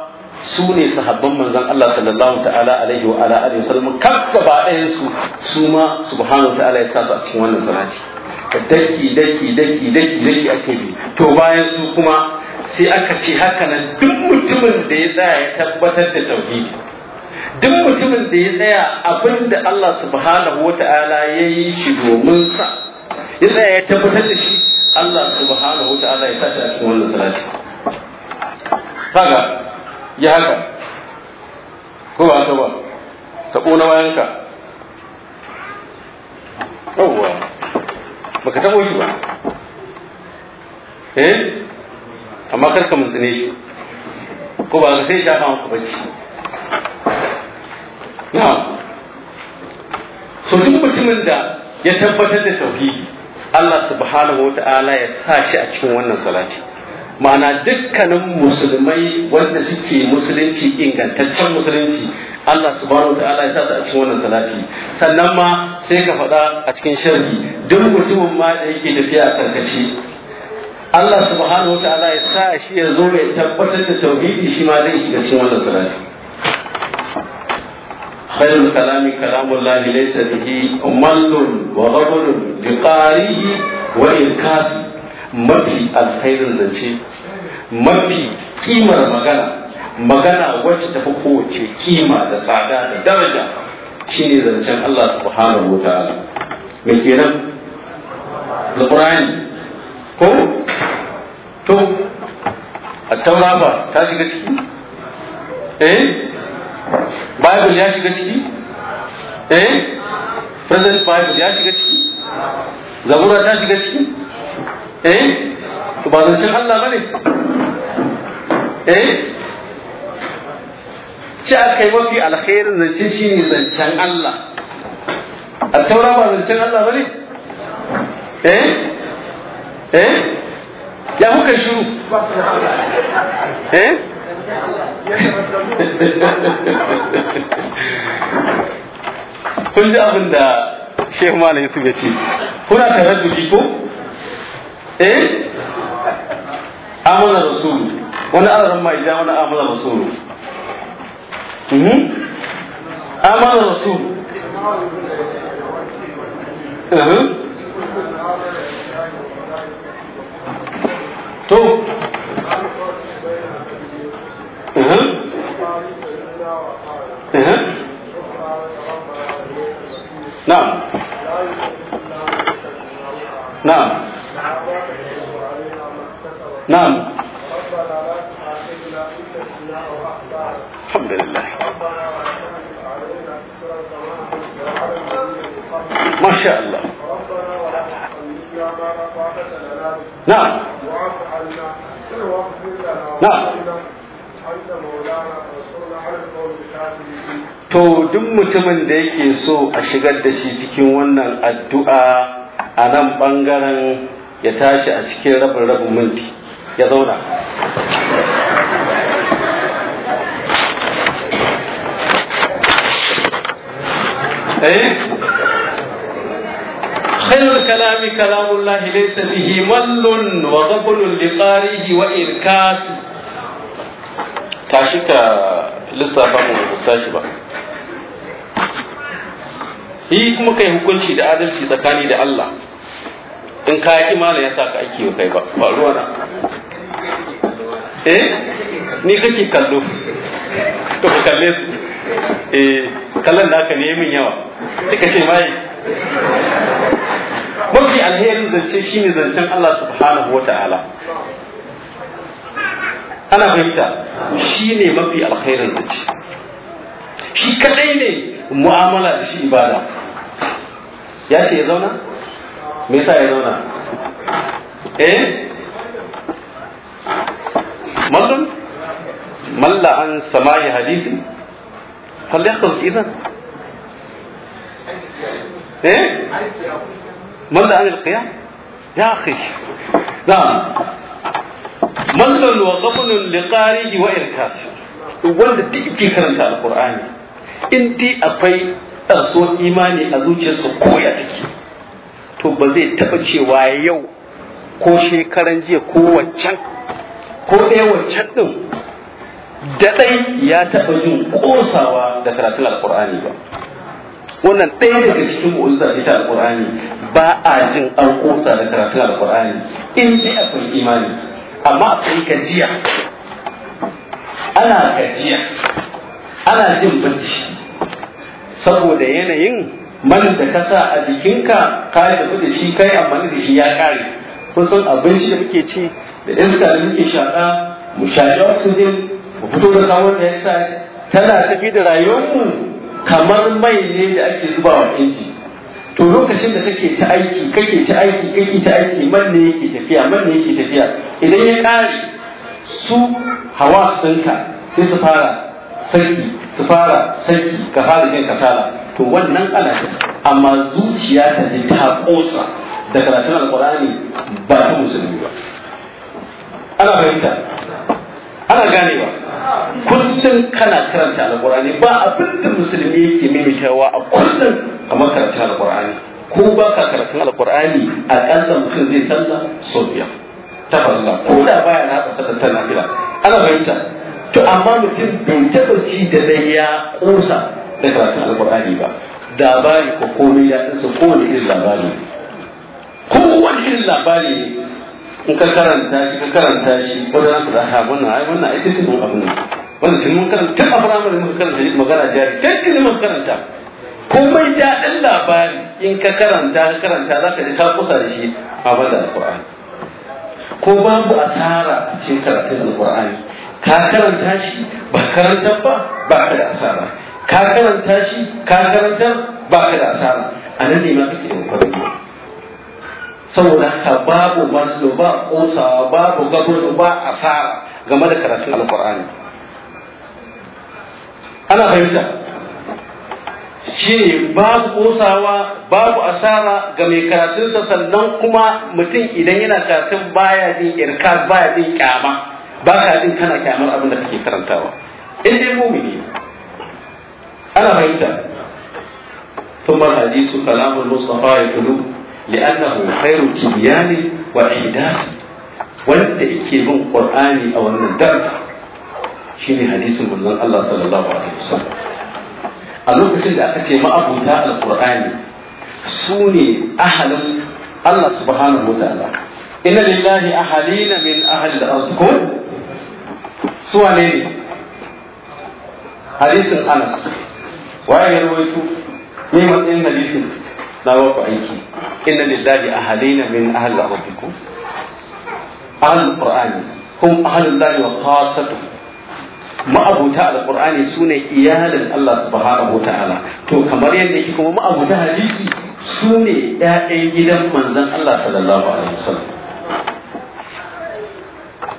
su ne sahabban manzon Allah sallallahu ta'ala alaihi wa ala alihi wasallam kakka ba ɗayan su su ma subhanahu ta'ala ya sa su a cikin wannan salati daki daki daki daki daki ake bi to bayan su kuma sai aka ce haka nan duk mutumin da ya tsaya ya tabbatar da tauhidi duk mutumin da ya tsaya abinda Allah subhanahu wa ta'ala ya yi shi domin sa ya tsaya ya tabbatar da shi Allah subhanahu wa ta'ala ya sa shi a cikin wannan salati Saga. ya haka ko ba ta ba ka ƙona bayanka yawwa baka taɓo shi ba eh amma kar ka mutsine shi ko ba ka sai shafa maka bacci na so duk mutumin da ya tabbatar da tauhidi Allah subhanahu wa ta'ala ya sa shi a cikin wannan salati ma'ana dukkanin musulmai wanda suke musulunci ingantaccen musulunci Allah subhanahu wa ta'ala ya sa ta a cikin wannan salati sannan ma sai ka faɗa a cikin sharhi duk mutumin ma da yake tafiya karkace Allah subhanahu wa ta'ala ya sa shi ya zo ya tabbatar da tauhidi shi ma zai shiga cikin wannan salati خير الكلام كلام الله ليس wa مل وغبن wa وإركاس mafi alkhairin zance mafi kimar magana magana wacce tafi kowace kima da tsada da daraja shine zancen Allah subhanahu wa ta'ala me kenan alqur'ani ko to attaura ba ta shiga ciki eh bible ya shiga ciki eh present bible ya shiga ciki zabura ta shiga ciki eh to ba zancen Allah bane eh ci aka yi mafi alkhairin zance shi ne zancen Allah a taura ba zancen Allah bane eh eh ya kuka shiru eh kun ji abin da Shehu Malam Yusuf ya ce kuna tare da ko eh amana rasul wani azarin mai ja wani amana rasul mhm. amana rasul mhm. to نعم mhm. نعم نعم الحمد لله ما شاء الله نعم to duk mutumin da yake so a shigar da shi cikin wannan addu'a a nan ɓangaren ya tashi a cikin rabin rabin minti ya zauna eh? Khairul kalami kalamullahi laysa bihi mallun wa zabulun liqarihi wa irkasi ta shi ka lissafa mu da ba yi kuma kai hukunci da adalci tsakani da Allah in ka ki ya yasa ka aiki kai ba ba ruwana eh ni kake kallo to ka kalle su eh kallon da aka ne min yawa kika ce mai mafi alherin zance ne zancen Allah subhanahu wata'ala ana fahimta ne mafi alherin zance shi kadai ne mu'amala da shi ibada ya ce ya zauna me yasa ya zauna eh مل مل عن سماع حديث فليخرج إذا إيه مل عن القيام يا أخي نعم مل وغفل لقارئ وإركاس wanda duk yake karanta alkur'ani in ti akwai ɗarsuwar imani a zuciyarsa koya take to ba zai taɓa cewa yau ko shekaran jiya ko waccan ko ɗaya wancan ɗin daɗai ya taɓa jin ƙosawa da karatun alƙur'ani ba wannan ɗaya daga cikin da ita alƙur'ani ba a jin an ƙosa da karatun alƙur'ani in dai akwai imani amma akwai gajiya ana gajiya ana jin bacci saboda yanayin man da ka sa a jikinka ka da shi kai amma da shi ya ƙare kun san abinci da muke ci da iska da muke shaƙa mu shaƙi oxygen mu fito da carbon dioxide tana tafi da rayuwarmu kamar mai ne da ake zuba wa inji to lokacin da kake ta aiki kake ta aiki kake ta aiki man ne yake tafiya man ne yake tafiya idan ya ƙare su hawa ɗinka sai su fara saki su fara saki ka fara jin kasala to wannan ana amma zuciya ta ji ta kosa daga latin alƙur'ani ba ta musulmi ba ana fahimta ana ganewa kullum kana karanta alkur'ani ba abin da musulmi yake mimikawa a kullum kamar karanta alqur'ani ko ba ka karatun alqur'ani a kallon mutum zai sallah sau biyar ta fara ko da baya na sallar ta nafila ana fahimta to amma mutum bai taɓa ci da na ya ƙosa da karatun alqur'ani ba Da bari ko komai ya ɗansa kowane irin labari kowane irin labari in ka karanta shi ka karanta shi wanda za ka wannan ai wannan ai cikin mun abin wannan cikin mun karanta tun a firamare muka karanta magana jari cikin mun karanta komai daɗin labari in ka karanta ka karanta za ka ji ka kusa da shi a bada alƙur'ani ko babu asara a cikin karatun alƙur'ani ka karanta shi ba karanta ba ba ka da asara ka karanta shi ka karanta ba ka da asara a nan ne ma kake da kwarewa saboda haka babu wallo ba kosawa babu gagwado ba asara game da karatun alkur'ani ana fahimta shi ne babu kosawa babu asara ga mai karatunsa sannan kuma mutum idan yana karatun baya jin irka baya jin kyama ba ka jin kana kyamar abin da kake karantawa in dai mumini ana fahimta hadisu kalamun كلام ya tulu li'annahu khairu tibyani wa ihdas wanda yake bin qur'ani a wannan darka shine hadisin manzon Allah sallallahu alaihi wasallam a lokacin da aka ce ma'abuta alqur'ani su ne ahalin Allah subhanahu wa ta'ala inna lillahi ahalina min al-ard su wane hadisin Anas waye ya matsayin hadisin na ba ku aiki inna lillahi ahalina min ahli rabbikum ahlul qur'ani hum ahlullahi wa khasatu ma'abuta alqur'ani sune iyalin Allah subhanahu ta'ala to kamar yadda yake kuma ma'abuta hadisi sune ƴaƴan gidan manzon Allah sallallahu alaihi wasallam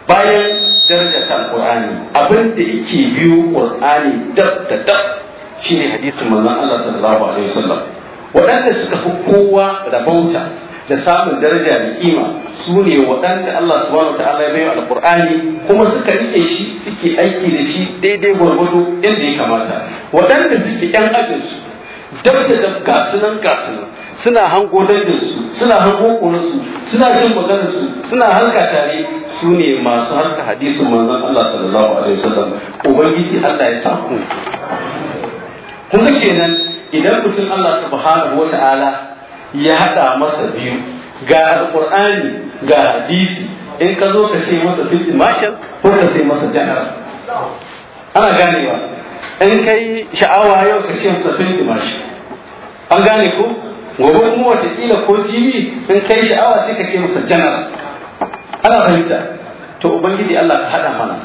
bayan darajar alqur'ani abin da yake biyo qur'ani dab da dab shine hadisin manzon Allah sallallahu alaihi wasallam waɗanda suka fi kowa da bauta da samun daraja da kima su ne waɗanda Allah subhanahu wa ta'ala ya bayo qurani kuma suka rike shi suke aiki da shi daidai gwargwado inda ya kamata waɗanda suke ƴan ajinsu dab da dab gasunan gasunan suna hango dajinsu suna hango ƙunansu, suna jin maganarsu suna halka tare su ne masu harka hadisin manzon Allah sallallahu alaihi wasallam ubangiji Allah ya sa ku kun kenan idan mutum Allah subhanahu wa ta'ala ya haɗa masa biyu ga alƙur'ani ga hadisi in ka zo ka ce masa fil imashal ko ka ce masa jahar ana ganewa in kai sha'awa yau ka ce masa fil imashal an gane ko gobe mu watakila ko jibi in kai sha'awa sai ka ce masa jahar ana fahimta to ubangiji Allah ka haɗa mana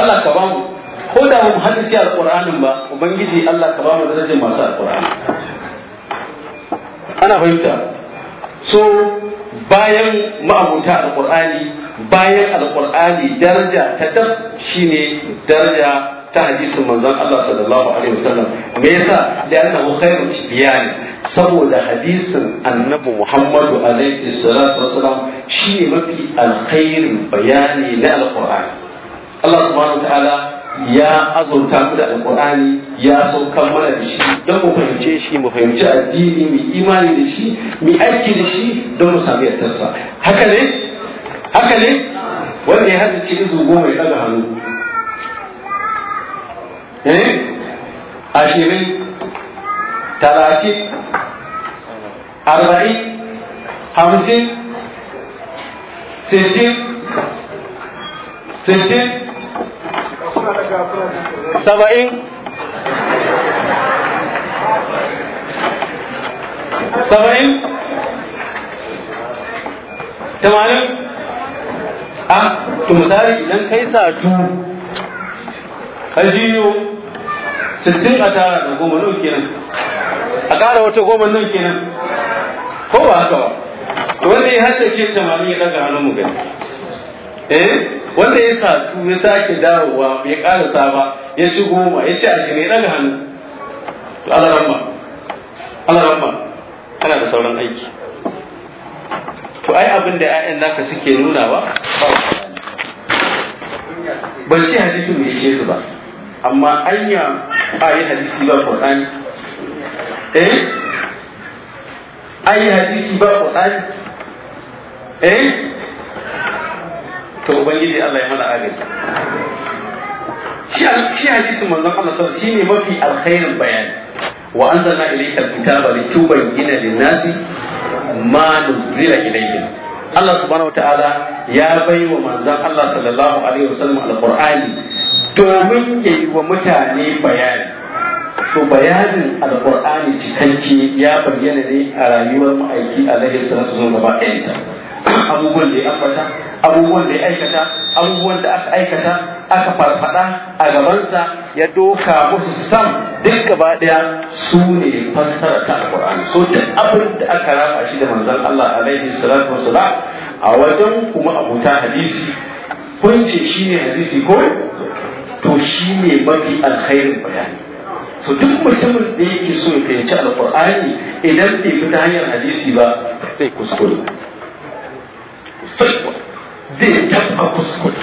Allah ka bamu ko da mu hadisi alqur'anin ba ubangiji Allah ka ba mu darajar masu alqur'ani ana fahimta so bayan ma'abuta alqur'ani bayan alqur'ani daraja ta dab shine daraja ta hadisin manzon Allah sallallahu alaihi wasallam me yasa da annahu khairu biyan saboda hadisin annabi Muhammadu alaihi salatu wasallam shine mafi alkhairin bayani na alqur'ani Allah subhanahu wa ta'ala ya azurta mu da alkur'ani ya saukan mana da shi don mu fahimce shi mu fahimci addini mu imani da shi mu aiki da shi don mu sami yardarsa haka ne haka ne wanda ya haɗa cikin zugo mai ɗaga hannu eh ashirin talatin arba'in hamsin sittin sittin saba'in saba'in tamanin a to misali idan kai satu ka jiyo sittin a tara da goma nawa kenan a ƙara wata goma nawa kenan ko ba haka ba to wanda ya haddace tamanin ya ɗaga hannun mu gani eh wanda ya satu ya sake dawowa ya ƙara saba ya ci goma ya ci ne daga hannu to ala ramma ala ramma kana da sauran aiki to ai abin da ƴaƴan naka suke nuna ba ban ci hadisi mai ce su ba amma anya a yi hadisi ba Qur'ani eh ayi hadisi ba Qur'ani eh to ubangiji Allah ya mana agaji shi hadisin manzon Allah sallallahu alaihi shine mafi alkhairin bayani wa anzalna ilayka alkitaba litubayyana lin ma nuzila ilayhim Allah subhanahu wa ta'ala ya bai wa manzon Allah sallallahu alaihi wasallam alqur'ani domin ya yi wa mutane bayani to bayanin alqur'ani cikakke ya bayyana ne a rayuwar ma'aiki alaihi salatu wasallam gaba ɗayanta abubuwan da ya ambata abubuwan da ya aikata abubuwan da aka aikata aka farfada a gabansa ya doka musu sam duk gaba daya su ne fassara ta alqur'ani so duk abin da aka raba shi da manzon Allah alaihi salatu wassalam a wajen kuma abuta hadisi kun ce shine hadisi ko to shi ne mafi alkhairin bayani so duk mutumin da yake so ya fahimci alqur'ani idan bai fita hanyar hadisi ba zai kuskure saiwa zai tafka kuskure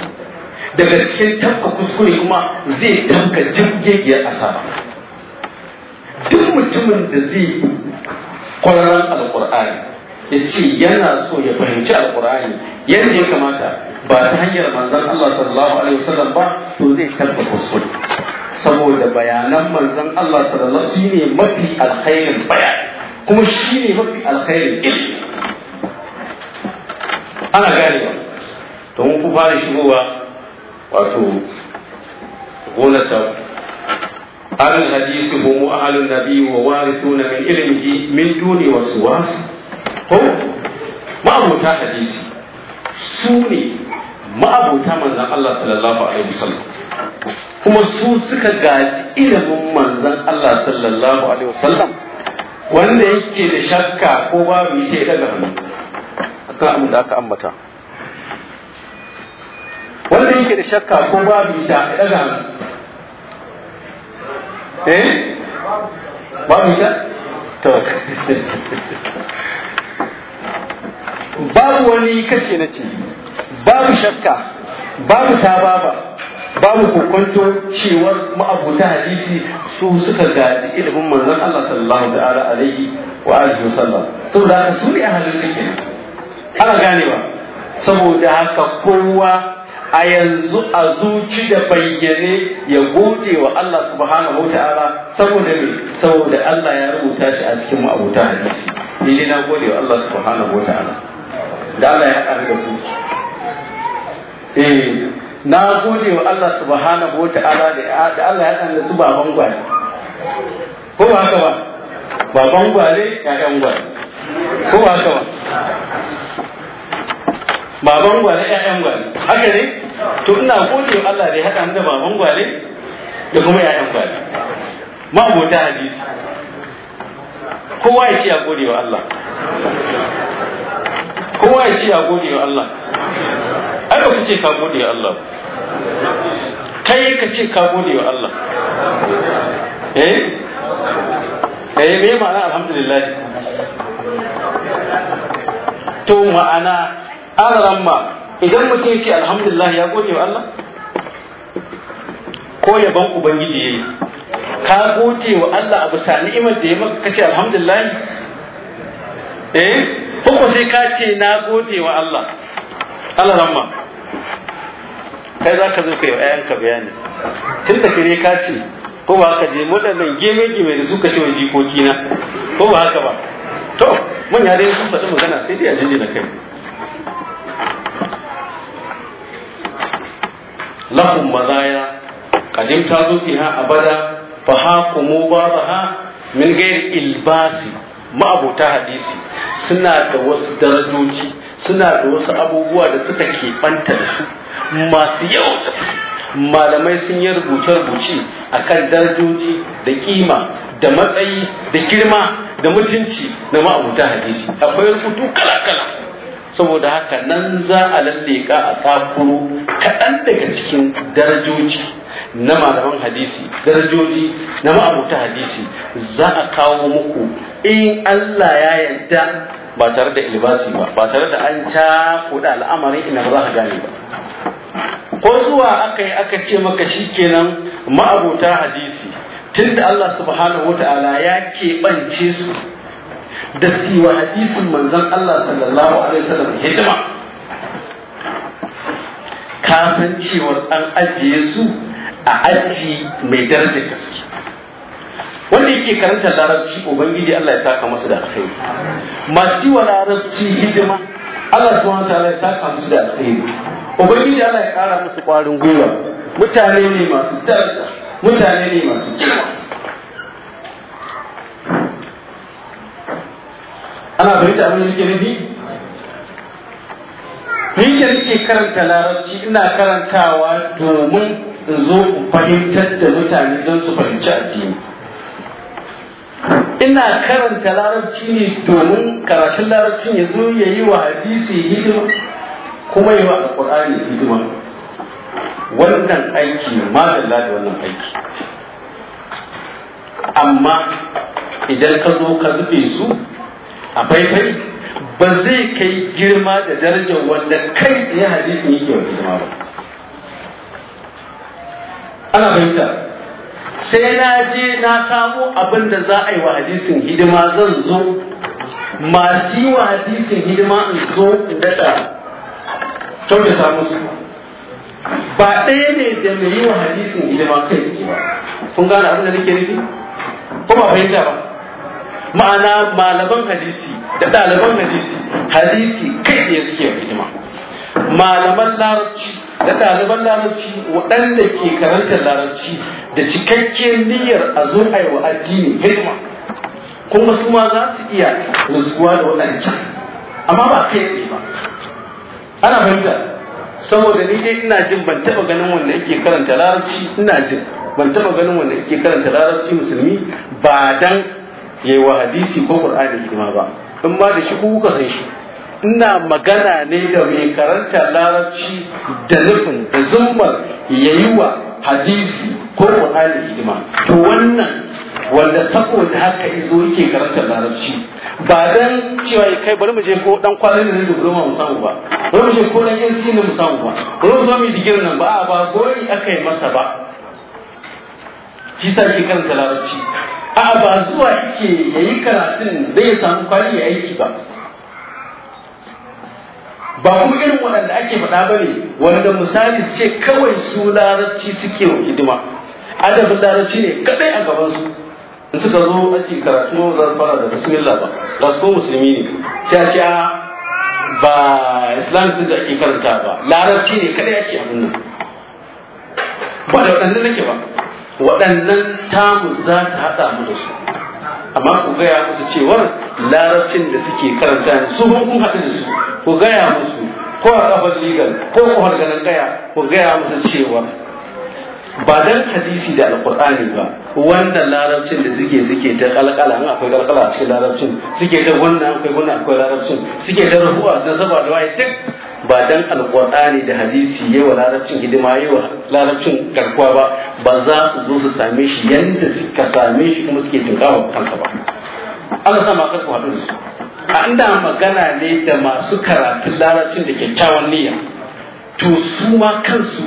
daga cikin tafka kuskure kuma zai tafka jirgegiyar asara duk mutumin da zai kwararren alkur'ani ya ce yana so ya fahimci alkur'ani yadda ya kamata ba ta hanyar manzan Allah sallallahu alaihi wasallam ba to zai tafka kuskure saboda bayanan manzan Allah sallallahu alaihi wasallam shine mafi alkhairin bayani kuma shi ne mafi alkhairin ilimi ana ganewa to mun ku fara shigowa wato gonar ta أهل الحديث هم أهل النبي ووارثون من min من دون وسواس Ko ma'abuta hadisi su ne ma'abuta manzan Allah sallallahu alaihi wasallam kuma su suka gaji ilimin manzan Allah sallallahu alaihi wasallam wanda yake da shakka ko babu yake daga hannu akan abin da aka ambata wanda yake da shakka ko babu ita ya daga eh babu ita to babu wani kace na ce babu shakka babu tababa babu kokonto cewar ma'abuta hadisi su suka gaji ilimin manzon Allah sallallahu alaihi wa alihi wasallam saboda haka su ne ahalin ilmi ana ganewa saboda haka kowa a yanzu a zuci da bayyane ya gode wa Allah subhanahu wa ta'ala saboda me saboda Allah ya rubuta shi a cikin ma'abuta hadisi ni dai na gode wa Allah subhanahu wa ta'ala da Allah ya haɗa da ku eh na gode wa Allah subhanahu wa ta'ala da Allah ya haɗa da su baban gwale ko ba haka ba baban gwale ya ƴan gwale ko ba haka ba baban gwale ƴaƴan gwale haka ne to ina gode wa Allah da ya haɗa da baban gwale da kuma ƴaƴan gwale ma abota hadisi kowa ya ce ya gode wa Allah kowa ya ce ya gode wa Allah ai ba ka ce ka gode wa Allah kai ka ce ka gode wa Allah eh eh me ma'ana alhamdulillah to ma'ana alaramma idan mutum ce alhamdulillah ya gode wa Allah ko yaban ubangiji yayi ka gode wa Allah abu Sani ni'imar da ya maka kace alhamdulillah eh ko sai ka ce na gode wa Allah Allah ramma kai za ka zo kai wa ayanka bayani tun da kire ka ce ko ba ka je mutanen gemegi mai da suka ce wa jikoki na ko ba haka ba to manya dai sun faɗi magana sai dai a da kai lahum mazaya kadim ta zo fiha abada fa haqumu min ghairi ilbasi ma'abuta hadisi suna da wasu darajoji suna da wasu abubuwa da suka keɓanta da su masu yawa da su malamai sun yi rubuce-rubuce a kan darajoji da kima da matsayi da girma da mutunci na ma'abuta hadisi akwai rubutu kala-kala saboda haka nan za a lalleka a sakuro kaɗan daga cikin darajoji na malaman hadisi darajoji na ma'abuta hadisi za a kawo muku in Allah ya yarda ba tare da ilbasi ba ba tare da an cakuɗa al'amarin ina ba za ka gane ba ko zuwa aka yi aka ce maka shikenan ma'abuta hadisi tunda Allah subhanahu ta'ala ya keɓance su da siwa hadisin manzan Allah sallallahu alaihi wasallam hidima kasancewar an ajiye su a aji mai darajar gaske wanda yake karanta larabci ubangiji Allah ya saka masu da alkhairi masu yi wa larabci hidima Allah subhanahu wataala ya saka masu da alkhairi ubangiji Allah ya kara musu kwarin gwiwa mutane ne masu daraja mutane ne masu ana ta abin da nufi Rike-rike karanta larabci ina karantawa domin in zo in fahimtar da mutane don su fahimci addini ina karanta larabci ne domin karatun larabcin ya zo ya yi wa hadisi hidima kuma yi wa alƙur'ani hidima wannan aiki ma da wannan aiki amma idan ka zo ka zube su a faifai ba zai kai girma da darajar wanda kai tsaye hadisin yake wa girma ba ana fahimta sai na je na samo abin da za a yi wa hadisin hidima zan zo masu yi wa hadisin hidima in zo in daɗa kyautata musu ba ɗaya ne da mai yi wa hadisin hidima kai tsaye ba kun gane abin da nake nufi ko ba fahimta ba ma'ana malaman hadisi da ɗaliban hadisi hadisi kai tsaye suke hidima malaman larabci da ɗaliban larabci waɗanda ke karantar larabci da cikakken niyyar a zo a yi wa addini hidima kuma su ma za su iya nutsuwa da waɗancan amma ba kai tsaye ba ana fahimta saboda ni dai ina jin ban taba ganin wanda yake karanta larabci ina jin ban taba ganin wanda yake karanta larabci musulmi ba dan yayi wa hadisi ko qur'ani hidima ba in ma da shi ku kuka san shi ina magana ne da mai karanta larabci da nufin da zummar yayi wa hadisi ko qur'ani hidima to wannan wanda saboda haka izo yake karanta larabci ba dan cewa ya kai bari mu je ko dan ne da goma mu samu ba bari mu je ko dan yin sinin mu samu ba bari mu zo digirin nan ba a ba gori aka masa ba Ki sa karanta larabci a ba zuwa yake yayi karatun da ya samu kwali ya aiki ba ba kuma irin waɗanda ake faɗa bane wanda misali ce kawai su larabci suke hidima adabin larabci ne kadai a gabansu in suka zo ake karatu za su fara da bismillah ba ba su musulmi ne sai a ce ba islam su da ake karanta ba larabci ne kada yake abin nan ba da waɗannan nake ba waɗannan tamu za ta haɗa mu da su amma ku gaya musu cewar larabcin da suke karanta su kun haɗu da su ku gaya musu ko a kafar legal ko ku harganan gaya ku gaya musu cewar. ba dan hadisi da alqur'ani ba wannan larabcin da suke suke ta kalkala an akwai kalkala a cikin larabcin suke ta wannan akwai wannan akwai larabcin suke ta rubuwa da saboda wai duk ba dan alqur'ani da hadisi wa larabcin hidima wa larabcin garkuwa ba ba za su zo su same shi yanda suka same shi kuma suke tunkawa kansa ba Allah sama ma karku hadu da su a inda magana ne da masu karatun larabcin da kyakkyawan niyya to su ma kansu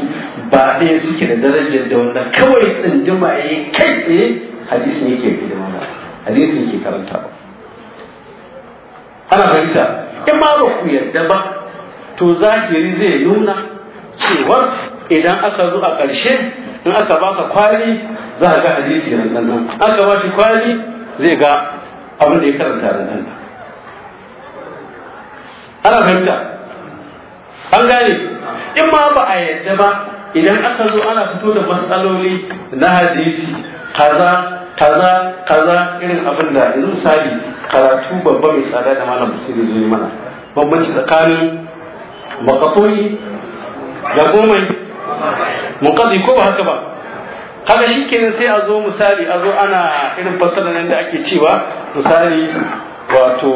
ba ɗaya suke da darajar da wannan kawai tsinduma ya kai tsaye hadisin yake fi da wannan hadisin yake karanta ba ana fahimta in ma ba ku yarda ba to zahiri zai nuna cewar idan aka zo a ƙarshe in aka baka kwali za a ga hadisi nan nan aka ba shi kwali zai ga abin da ya karanta da nan ana fahimta an gane in ma ba a yadda ba idan aka zo ana fito da matsaloli na hadisi kaza kaza kaza irin abin da yanzu misali karatu babba mai tsada da malam musulmi zai mana bambanci tsakanin makafoi da gomai mukazi ko ba haka ba kaga shi kenan sai a zo misali a zo ana irin fassara nan da ake cewa misali wato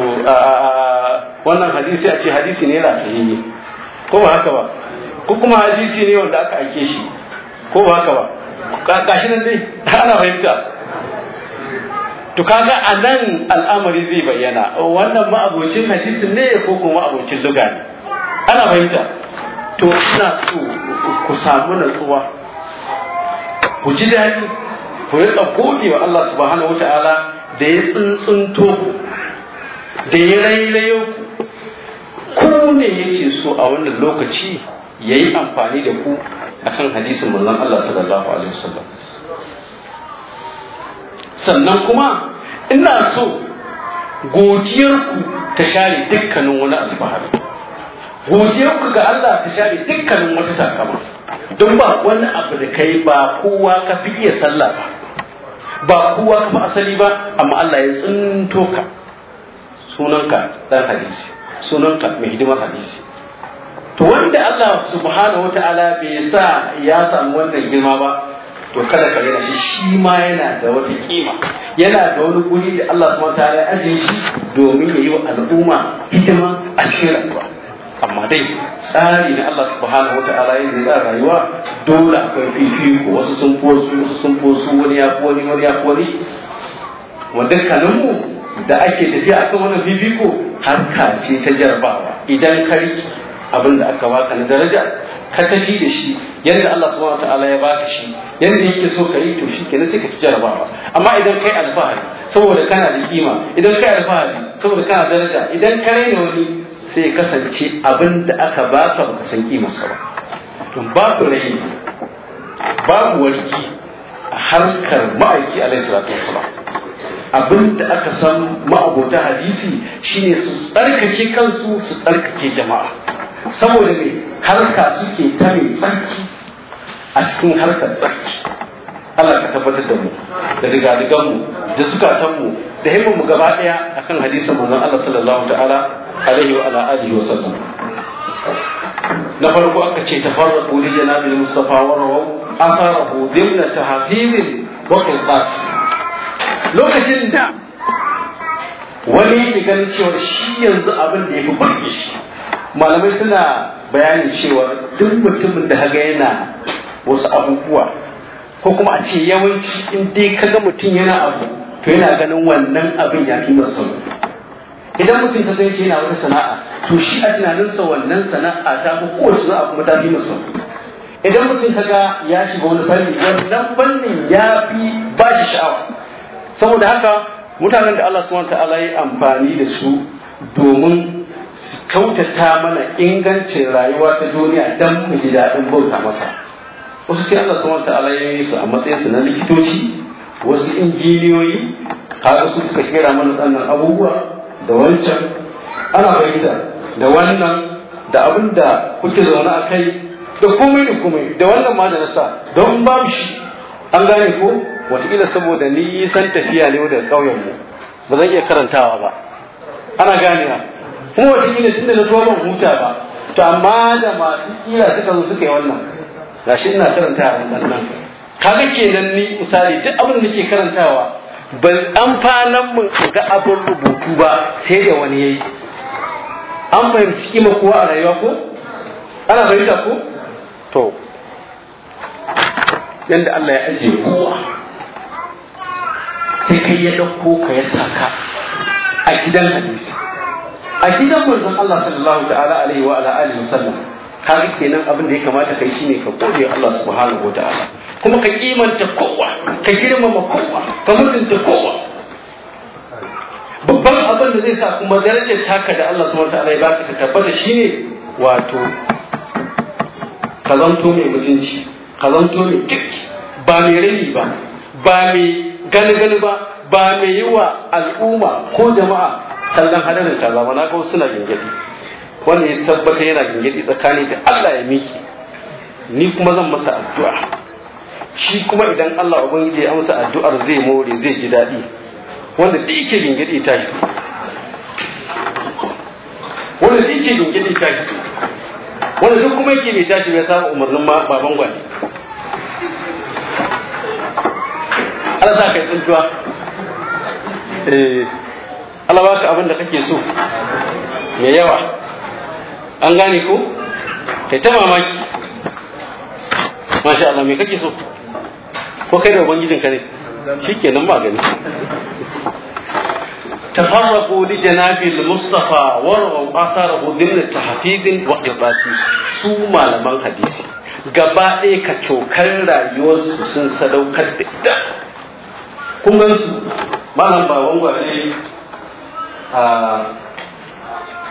wannan hadisi a ce hadisi ne rafiyayye ko ba haka ba ko kuma hadisi ne wanda aka aike shi ko ba haka ba kashi nan dai ana fahimta to kaga a nan al'amari zai bayyana wannan abocin hadisi ne ko kuma abocin luga ana fahimta to ina so ku samu natsuwa ku ji daɗi ku riƙa koke wa Allah subhanahu wata'ala da ya tsuntsunto da ya rairayo ku ne yake so a wannan lokaci yayi amfani da ku akan hadisin manzon Allah sallallahu alaihi wasallam sannan kuma ina so godiyarku ta share dukkanin wani alfahari godiyarku ga Allah ta share dukkanin wani takama don ba wani abu da kai ba kowa ka fi iya sallah ba ba kowa ka fi asali ba amma Allah ya tsinto ka sunanka dan hadisi sunanka mai hidimar hadisi to wanda Allah subhanahu ta'ala bai sa ya samu wannan girma ba to kada ka rena shi shi ma yana da wata kima yana da wani guri da Allah subhanahu ta'ala ya ajiye shi domin ya yi wa al'umma hidima a cikin rayuwa amma dai tsari na Allah subhanahu ta'ala yin da tsara rayuwa dole akwai fifiko wasu sun fi wasu sun fi wani ya fi wani ya fi wanda da ake tafiya akan wannan fifiko harka ce ta jarabawa idan ka abin da aka baka na daraja ka tafi da shi yadda Allah subhanahu ta'ala ya baka shi yadda yake so ka yi to shi kenan sai ka ci jarabawa amma idan kai alfahari saboda kana da kima idan kai alfahari saboda kana daraja idan ka raina wani sai kasance abin da aka baka baka san ba to babu raini babu warki a harkar ma'aiki alaihi salatu wassalam abin da aka san ma'abota hadisi shine su tsarkake kansu su tsarkake jama'a saboda me harka suke ta mai tsarki a cikin harkar tsarki Allah ka tabbatar da mu da digadigan mu da zukatan mu da himmar mu gaba daya akan hadisin manzon Allah sallallahu ta'ala alaihi wa ala alihi wa sallam na farko aka ce tafarraqu li janabil mustafa wa rawu atharahu dhimna tahzibin wa qilqas lokacin da wani ya ganin cewa shi yanzu abin da ya fi barke shi malamai suna bayani cewa duk mutumin da haga yana wasu abubuwa ko kuma a ce yawanci in dai kaga mutum yana abu to yana ganin wannan abin ya fi masa idan mutum ka gan yana wata sana'a to shi a tunaninsa wannan sana'a ta fi kowace sana'a kuma ta fi masa idan mutum ka ga ya shiga wani fanni wannan fannin ya fi ba shi sha'awa saboda haka mutanen da Allah subhanahu ta'ala ya amfani da su domin Kautata mana ingancin rayuwa ta duniya don mu ji daɗin bauta masa wasu sai Allah subhanahu wata ya su a matsayinsu na likitoci wasu injiniyoyi har su suka kera mana ɗannan abubuwa da wancan ana fahimta da wannan da abin da kuke zaune a kai da komai da komai da wannan ma da nasa don mu shi an gane ko wataƙila saboda nisan tafiya ne daga ƙauyenmu ba zan iya karantawa ba ana ganewa kuma wajibi ne tunda na zuwa ban huta ba to amma da masu kira suka zo suka yi wannan gashi ina karanta a nan, kaga kenan ni misali duk abin da nake karantawa ban amfanan mun ga abin rubutu ba sai da wani yayi an fahimci kima kowa a rayuwa ko ana fahimta ko to yadda Allah ya ajiye kowa sai kai ya ɗauko ka ya saka a gidan hadisi ko manzon Allah sallallahu ta'ala alaihi wa ala alihi wasallam kaga kenan abin da ya kamata kai shine ka gode Allah subhanahu ta'ala kuma ka kimanta kowa ka girmama kowa ka mutunta kowa babban abin da zai sa kuma darajar taka da Allah subhanahu ta'ala ya baka ta tabbata shine wato ka mai mutunci ka mai duk ba mai rini ba ba mai gani gani ba ba mai yi wa al'umma ko jama'a kallon hadarin kaza zama na ga wasu suna gingiri wanda ya tabbata yana gingiri tsakani da Allah ya miki ni kuma zan masa addu'a shi kuma idan Allah ubangiji ya amsa addu'ar zai more zai ji daɗi wanda duk yake gingiri ta shi wanda duk yake gingiri ta shi wanda duk kuma yake bai tashi bai saba umarnin ma baban gwani Allah za ka yi tsuntuwa eh Allah baka abin da kake so mai yawa an gane ko kai ta mamaki masha Allah me kake so ko kai da ubangijin ka ne shikenan ba gani تفرقوا لجناب المصطفى ورعوا اثاره ضمن تحقيق واقباس su malaman hadisi, gaba ɗaya ka cokar rayuwarsu sun sadaukar da ita kun gan su nan ba wangware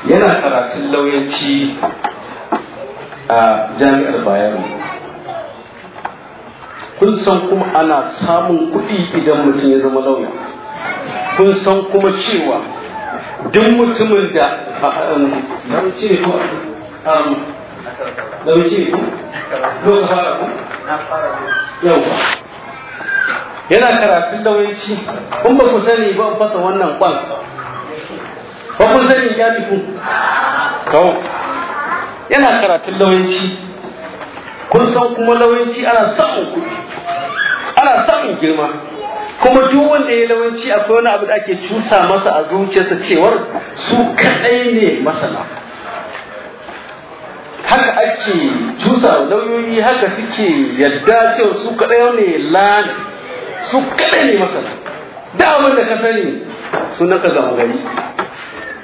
yana karatun lauyanci a jami'ar bayan kun san kuma ana samun kuɗi idan mutum ya zama lauya kun san kuma cewa duk mutumin da um, lauci ne um, ne ku yana karatun lauyanci kun ba ku sani ba fasa wannan kwan ba kun sani ya ku kawo yana karatun lauyanci kun san kuma lauyanci ana samun kuɗi ana samun girma kuma duk wanda ya lawanci akwai wani abu da ake cusa masa a zuciyarsa cewar su kaɗai ne masana haka ake cusa lauyoyi haka suke yadda cewa su kaɗai ne lani su kaɗai ne masana da abin da ka sani sunan ka gari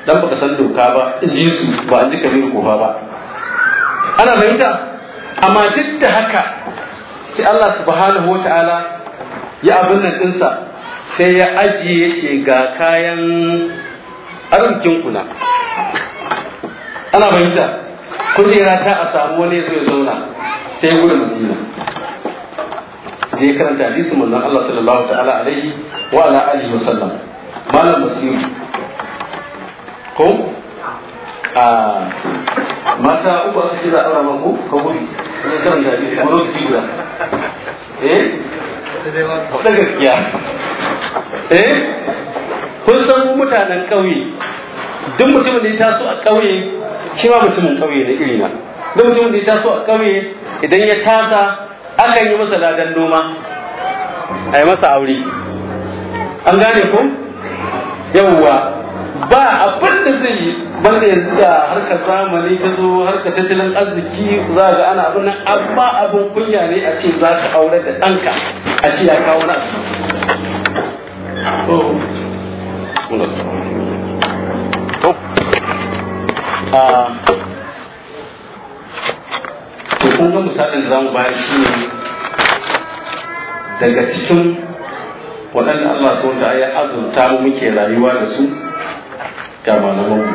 dan baka san doka ba ji su ba ji kabir kofa ba ana fahimta amma duk da haka sai Allah subhanahu wataala ya abin nan dinsa sai ya ajiye ce ga kayan arzikin kuna ana fahimta kujera ta a samu wani zai zauna sai gudun madina je ya karanta hadisin manzon Allah sallallahu ta'ala alaihi wa ala alihi wa sallam malam basir ko a ah, mata uku aka ce za a aura mako ka guri ne kan da bi ko lokaci guda eh da gaskiya eh kun san mutanen ƙauye duk mutumin da ya taso a ƙauye shi ma mutumin ƙauye na irina duk mutumin da ya taso a ƙauye idan ya tasa akan yi masa ladan noma a yi masa aure an gane ko yawwa ba abin da zai yi banda yanzu da harkar zamani ta zo harka tattalin arziki za ga ana abin nan amma abin kunya ne a ce za ka aure da ɗanka a ce ya kawo na ah. kun misalin da za mu bayar shi ne daga cikin waɗanda Allah sau da ya azurta mu muke rayuwa da su na malaman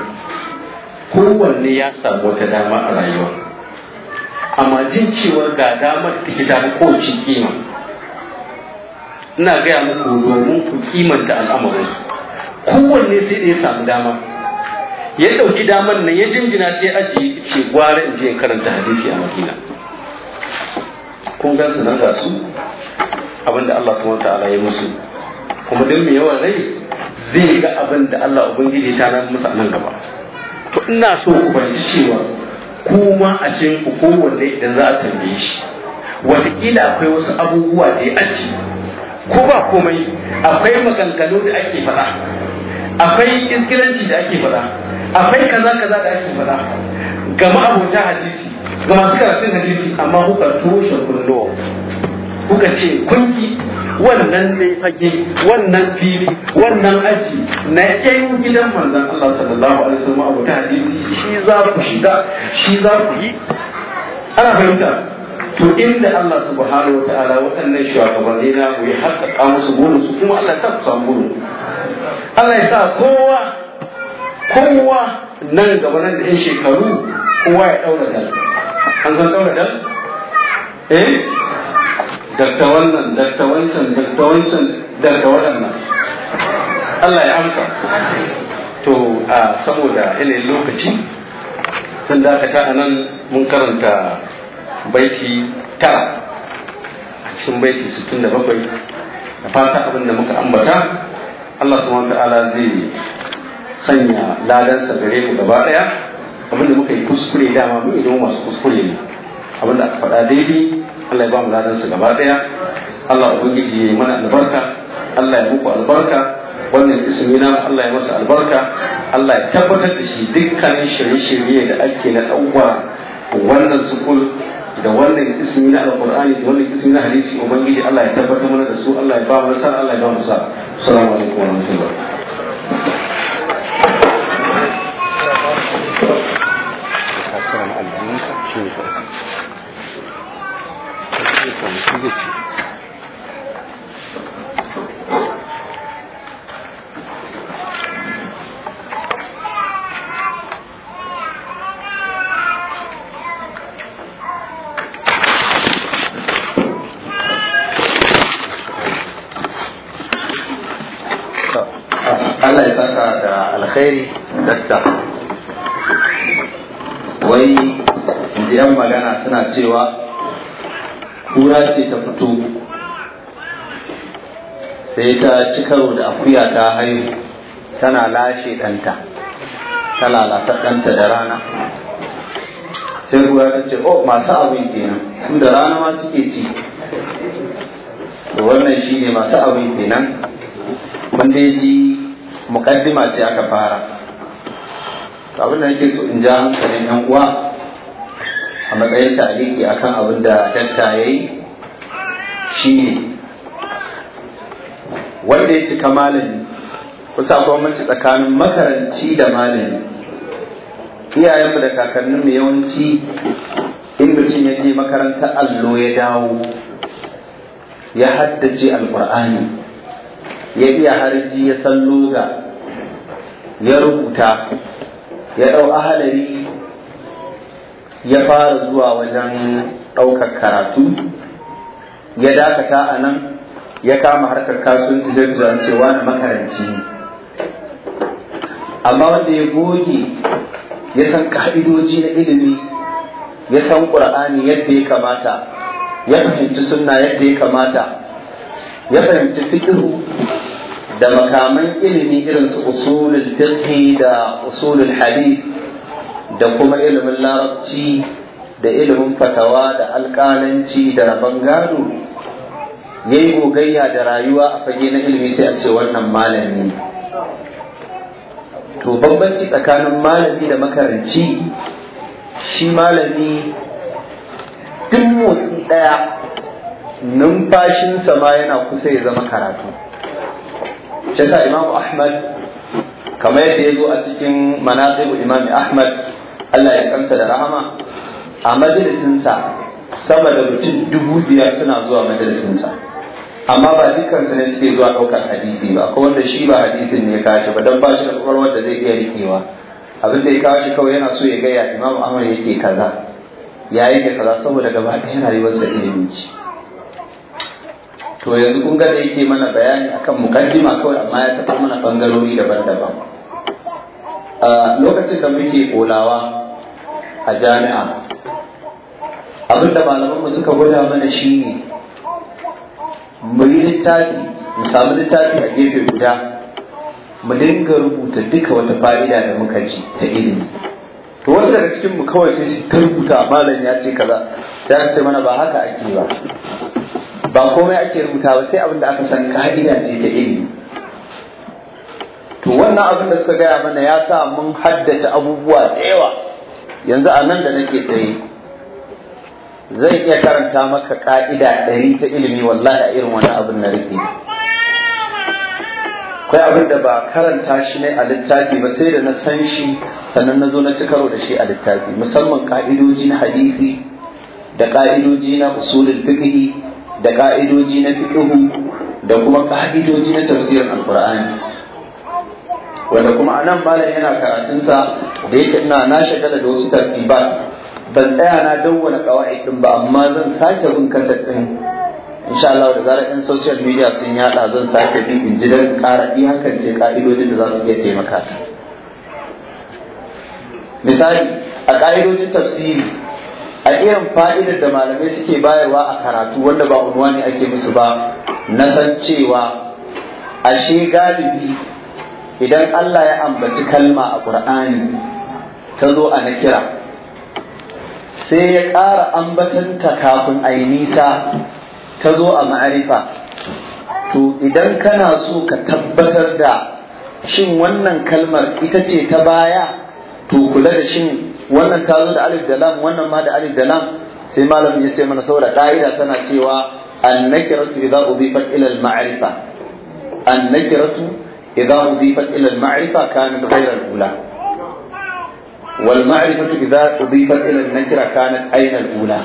kowanne ya samu wata dama a rayuwa amma jin cewar ga dama da ta ko kima ina gaya muku domin ku kimanta al'amarin kowanne sai da ya samu dama ya ɗauki damar nan ya jinjina sai aji ce gwara in je karanta hadisi a madina kun gan su nan ga abinda Allah subhanahu wa ta'ala ya musu kuma duk mai yawan rai zai ga abin da Allah ubangiji ta nan musu nan gaba to ina so ku fahimci cewa kuma a cikin ku kowanne idan za a tambaye shi wataƙila akwai wasu abubuwa da ya aji ko ba komai akwai maganganu da ake faɗa akwai iskiranci da ake faɗa akwai kaza kaza da ake faɗa ga ma'abota hadisi ga masu karatun hadisi amma kuka toshe kunnuwa kuka ce kunki wannan ne fage wannan fili wannan aji na yan gidan manzon Allah sallallahu alaihi wasallam abu ta hadisi shi za ku shiga shi za ku yi ana fahimta to inda Allah subhanahu wa ta'ala waɗannan shugabanni na ku yi haƙaƙa musu burin su kuma Allah ta samu burin Allah ya sa kowa kowa nan gaba nan da yan shekaru kowa ya ɗaura dal an zan ɗaura dal eh dakta wannan dakta wancan dakta wancan dakta waɗannan Allah ya amsa to a saboda yanayin lokaci sun dakata a nan mun karanta baiti tara a cikin baiti 67 da fata abin da muka ambata Allah subhanahu ala zai sanya ladansa gare mu gaba daya abin da muka yi kuskure dama mu idan masu kuskure ne abin da aka faɗa daidai Allah ya ba mu ladan su gaba daya Allah ubangiji ya yi mana albarka Allah ya muku albarka wannan ismi na Allah ya masa albarka Allah ya tabbatar da shi dukkanin shirye-shirye da ake na dauwa wannan sukul da wannan ismi na alqur'ani da wannan ismi na hadisi ubangiji Allah ya tabbatar mana da su Allah ya ba mu nasara Allah ya ba mu sa assalamu alaikum wa rahmatullahi Thank you. Então, siga assim. Allah ya saka da alkhairi dakta wai in ji 'yan magana suna cewa kura ce ta fito sai ta ci karo da akuya ta haihu tana lashe ɗanta ta lalasa ɗanta da rana sai kura ta ce oh masu abin kenan sun da rana ma suke ci wannan shi ne masu abin kenan wanda ya ji mukaddima ce aka fara abin da nake so in ja hankalin yan uwa a matsayin tariki akan abin da datta ya yi shi ne wanda ya cika malami kusa kuma mace tsakanin makaranci da malami iyayenmu da kakanninmu yawanci in mutum ya je makarantar allo ya dawo ya haddace alkur'ani ya iya harji ya san loga ya rubuta ya ɗau ahalari ya fara zuwa wajen ɗaukar karatu ya dakata a nan ya kama harkar kasuwanci zai zuwa cewa na makaranci amma wanda ya goge ya san ka'idoji na ilimi ya san ƙur'ani yadda ya kamata ya fahimci sunna yadda ya kamata ya fahimci fikihu da makaman ilimi irin su usulul fiqh da usulul hadith da kuma ilimin larabci da ilimin fatawa da alƙalanci da rabon gado ya yi gogayya da rayuwa a fage na ilimi sai a ce wannan malami to bambanci tsakanin malami da makaranci shi malami tun motsi ɗaya numfashinsa ma yana kusa ya zama karatu shi sa imamu ahmad kamar yadda ya zo a cikin manaqibu imami ahmad Allah ya kansa da rahama a majalisinsa sama da mutum dubu biyar suna zuwa majalisinsa amma ba dukansu ne suke zuwa ɗaukar hadisi ba ko wanda shi ba hadisin ne ya kashi ba don ba shi da kwakwalwar wanda zai iya rikewa abin da ya kawo shi kawai yana so ya gaya imam ahmad yake kaza ya da kaza saboda gaba ɗaya yana rayuwarsa ilimi ce to yanzu kun ga da yake mana bayani akan mukaddima kawai amma ya tafi mana bangarori daban-daban lokacin da muke kolawa a jami'a Abin da malamanmu suka gwada mana shi ne mu yi littafi mu samu littafi a gefe guda mu dinga rubuta duka wata fa'ida da muka ji ta ilimi to wasu daga cikin mu kawai sai su ta rubuta malam ya ce kaza sai aka ce mana ba haka ake ba ba komai ake rubuta ba sai abin da aka san ka'ida ce ta ilimi to wannan abin da suka gaya mana ya sa mun haddace abubuwa da yawa yanzu a nan da nake tsaye zai iya karanta maka ka'ida ɗari ta ilimi wallahi a irin wani abin na rufe akwai abin da ba karanta shi ne a littafi ba sai da na san shi sannan na zo na cikaro da shi a littafi musamman ka'idoji na hadisi da ka'idoji na usulul fiqhi da ka'idoji na fiqhu da kuma ka'idoji na tafsirin alqur'ani wanda kuma a nan malam yana karatunsa da yake ina na shagala da wasu tartibat ban tsaya na dawwana kawai din ba amma zan sake bin kasar din insha Allah da zarar 'yan social media sun yada zan sake bi in ji dan ƙara hakan ce ka'idodin da za su iya taimaka misali a ka'idodin tafsiri a irin fa'idar da malamai suke bayarwa a karatu wanda ba unwani ake musu ba na san cewa ashe galibi idan Allah ya ambaci kalma a ƙur'ani ta zo a na kira sai ya ƙara ambatanta kafin a yi nisa ta zo a ma'arifa to idan kana so ka tabbatar da shin wannan kalmar ita ce ta baya to kula da shin wannan ta zo da alif da lam wannan ma da alif da lam sai malamin ya ce mana saboda ƙa'ida tana cewa annakiratu idza udifat ila al-ma'rifa annakiratu إذا أضيفت إلى المعرفة كانت غير الأولى والمعرفة إذا أضيفت إلى النكرة كانت أين الأولى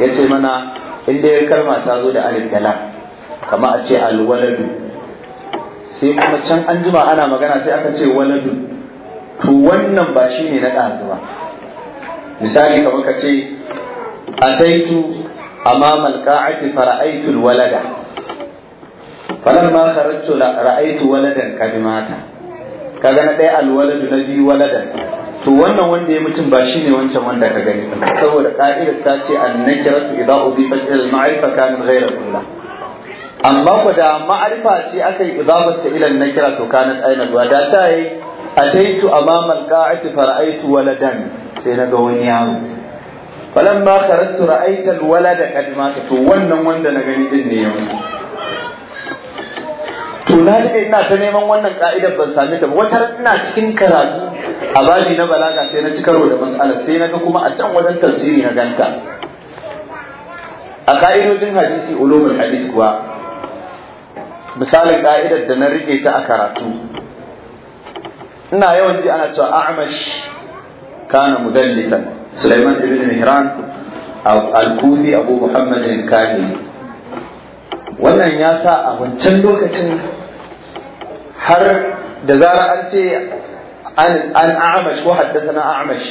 yace mana in dai kalma ta zo da alif da lam kama a ce alwaladu sai kuma can an ana magana sai aka ce waladu to wannan ba ne na ɗazu ba misali kamar ka ce ataitu amama alqa'ati fara'aitu falamma kharajtu ra'aytu waladan kad mata kaga na ɗaya waladu na biyu waladan to wannan wanda ya mutum ba shine wancan wanda ka gani saboda ka'idar ta ce nakiratu idza udifat ila al-ma'rifa kana ghayra kullah amma ku da ma'rifa ce aka yi idafarta ila nakira to kanat aina wa da ta yi ataitu amama al-qa'ati fara'aytu waladan sai na ga wani yaro Falan ma kharajtu ra'aytu al-walada kad mata to wannan wanda na gani din ne ya to na daɗe ina ta neman wannan ka'idar ban sami ta ba wata ina cikin karatu a babi na balaga sai na ci karo da mas'alar sai na ga kuma a can wajen tafsiri na ganta a ka'idojin hadisi ulumul hadis kuwa misalin ka'idar da na rike ta a karatu ina yawan ji ana cewa a'mash kana mudallisan Sulaiman ibn Mihran al-Kufi Abu Muhammad al-Kahili wannan ya sa a wancan lokacin har da zara an ce an a'amash ko haddasa na a'amash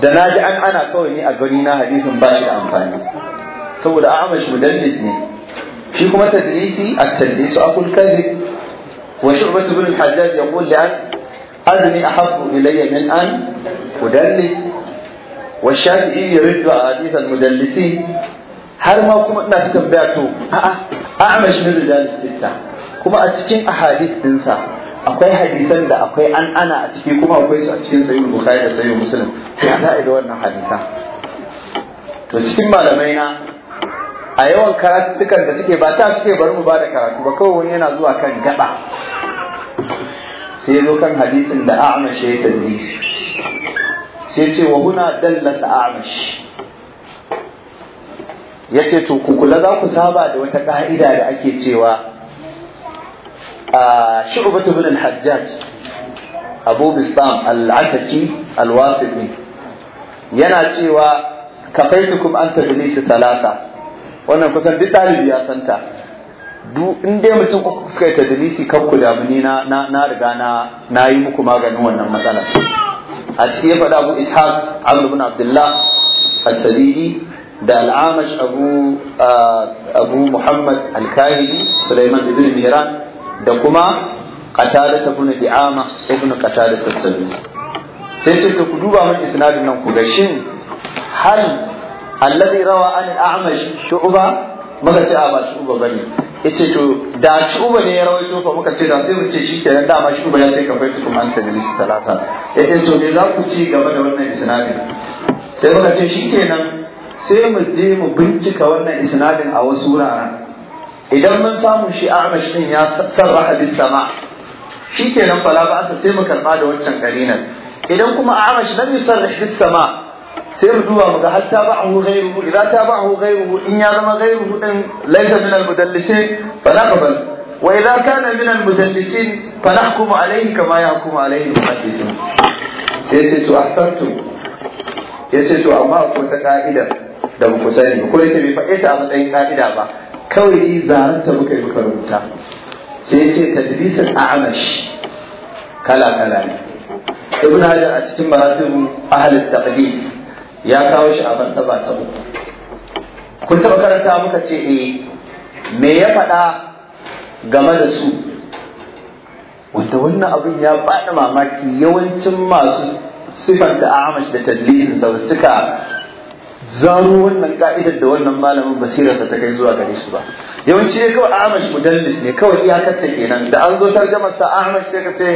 da na ji an ana kawai ne a gani na hadisin ba shi da amfani saboda a'amash mudallis ne shi kuma tadlisi a tadlisu a kadhib wa shu'bah ibn al-hajjaj da azumi a ahabbu ilayya min an wa shafi'i udallis والشافعي يرد أحاديث المدلسين har ma kuma ina su tambaya to a'a na min rijal sitta kuma a cikin ahadith dinsa akwai hadisan da akwai an ana a ciki kuma akwai su a cikin sahih bukhari da sahih muslim to ya za'a da wannan hadisa to cikin malamai na a yawan karatukan da suke ba ta suke bar mu ba da karatu ba kawai wani yana zuwa kan gaba sai zo kan hadisin da a'mash ya tabbis sai ce wa huna a amashi. ya ce to ku kula za ku saba da wata ƙa'ida da ake cewa a shi'ubatu bin al-hajjaj abu bisam al-ataki al yana cewa kafaitukum an tadlisi talata wannan kusan duk ɗalibi ya santa in dai mutum uku suka yi tadlisi kan ku damuni na na riga na na yi muku maganin wannan matsalar a cikin ya faɗa abu ishaq abdullahi ibn abdullah sadidi da al'amash abu uh, abu muhammad al-kahili sulaiman ibn mihran da kuma qatada kuna di'ama ibn qatada as sai ce ku duba mun isnadin nan ku ga shin hal alladhi rawa an al'amash shu'ba muka ce a ba shu'ba bane yace to da shu'ba ne ya rawaito fa muka ce da sai mu ce shikenan ma shu'ba ya ce ka bai kuma an tajlis talata yace to me za ku ci gaba da wannan isnadin sai muka ce shikenan sai mu je mu bincika wannan isnadin a wasu wuraren idan mun samu shi amash din ya sarraha bis sama shikenan fala ba sa sai mu karba da waccan karinan idan kuma amash lam yusarrih bis sama sai mu duba mu ga har ta ba'ahu ghayruhu idan ta ba'ahu ghayruhu in ya zama ghayruhu din laysa min al-mudallisin fala qabal wa idan kana min al-mudallisin fanahkumu alayhi kama yahkumu alayhi al-muhaddisin sai sai to ahsantu yace to amma akwai ta ka'idar da ba ku sani ba ko yake bai faɗe ta a matsayin ka'ida ba kawai ta muka yi muka rubuta sai ce tadrisul a'mash kala kala ne ibn hajar a cikin maratib ahlul taqdis ya kawo shi a banta ba ta uku kun taɓa karanta muka ce eh me ya faɗa game da su wanda wannan abin ya bada mamaki yawancin masu sifar da amash da tadlisin sau suka zaro wannan ka'idar da wannan malamin basirarsa ta kai zuwa gare su ba yawanci ne kawai amash mudallis ne kawai iyakarta kenan da an zo tarjamar sa Ahmad sai ka ce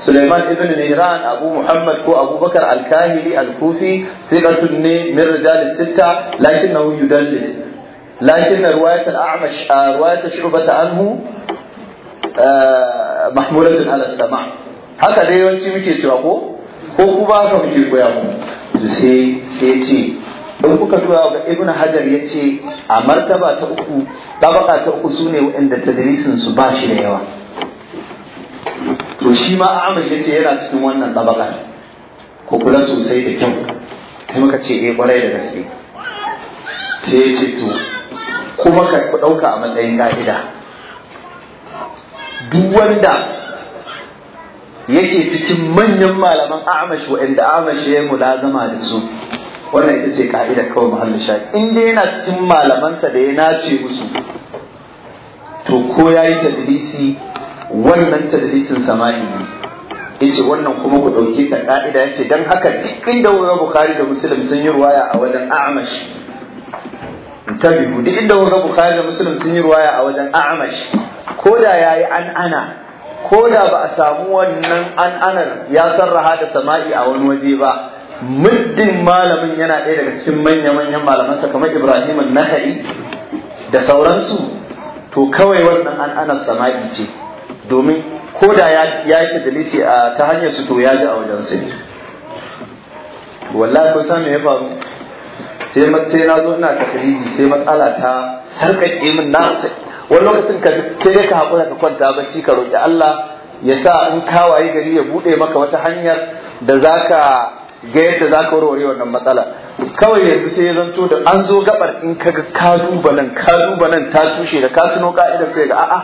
Suleiman ibn Niran Abu Muhammad ko Abubakar Bakar Al-Kahili Al-Kufi min rijal sitta lakinnahu yudallis lakin riwayat al-A'mash riwayat shubata anhu eh, mahmulatun ala sama haka dai yawanci muke cewa ko ko kuma haka muke koya mu sai sai ce in kuka zuwa ga ibn hajar ya ce a martaba ta uku tabaka ta uku su ne waɗanda tadrisin su ba shi da yawa to shi ma Ahmad ya ce yana cikin wannan tabaka ko kula sosai da kyau sai muka ce eh kwarai da gaske sai ya ce to kuma ka ɗauka a matsayin ka'ida duk wanda yake cikin manyan malaman amash wa'inda amash ya yi mulazama da su wannan ita ce ka'ida kawai muhallin shayi in dai yana cikin malamansa da ya nace musu to ko ya yi tadlisi wannan tadlisin samani ne yace wannan kuma ku ɗauke ta ka'ida yace dan haka duk inda wurin bukhari da muslim sun yi ruwaya a wajen a'mash tabihu duk inda wurin bukhari da muslim sun yi ruwaya a wajen a'mash ko da yayi an ana ko da ba a samu wannan an anar ya sarraha da sama'i a wani waje ba muddin malamin yana ɗaya daga cikin manya-manyan malamansa kamar ibrahim nahari da sauransu to kawai wannan an ana samaki ce domin ko da ya yi dalisi a ta hanyar su to ya ji a wajen su wallahi ko me ya faru sai sai na zo ina takriji sai matsala ta sarkake min na wani lokacin ka sai ka hakura ka kwanta bacci ka roki Allah ya sa in kawaye gari ya buɗe maka wata hanyar da zaka ga yadda za ka warware wannan matsala kawai yanzu sai ya zanto da an zo gabar in ka ga ka duba nan ka duba nan ta tushe da ka tuno ka'ida sai ga a'a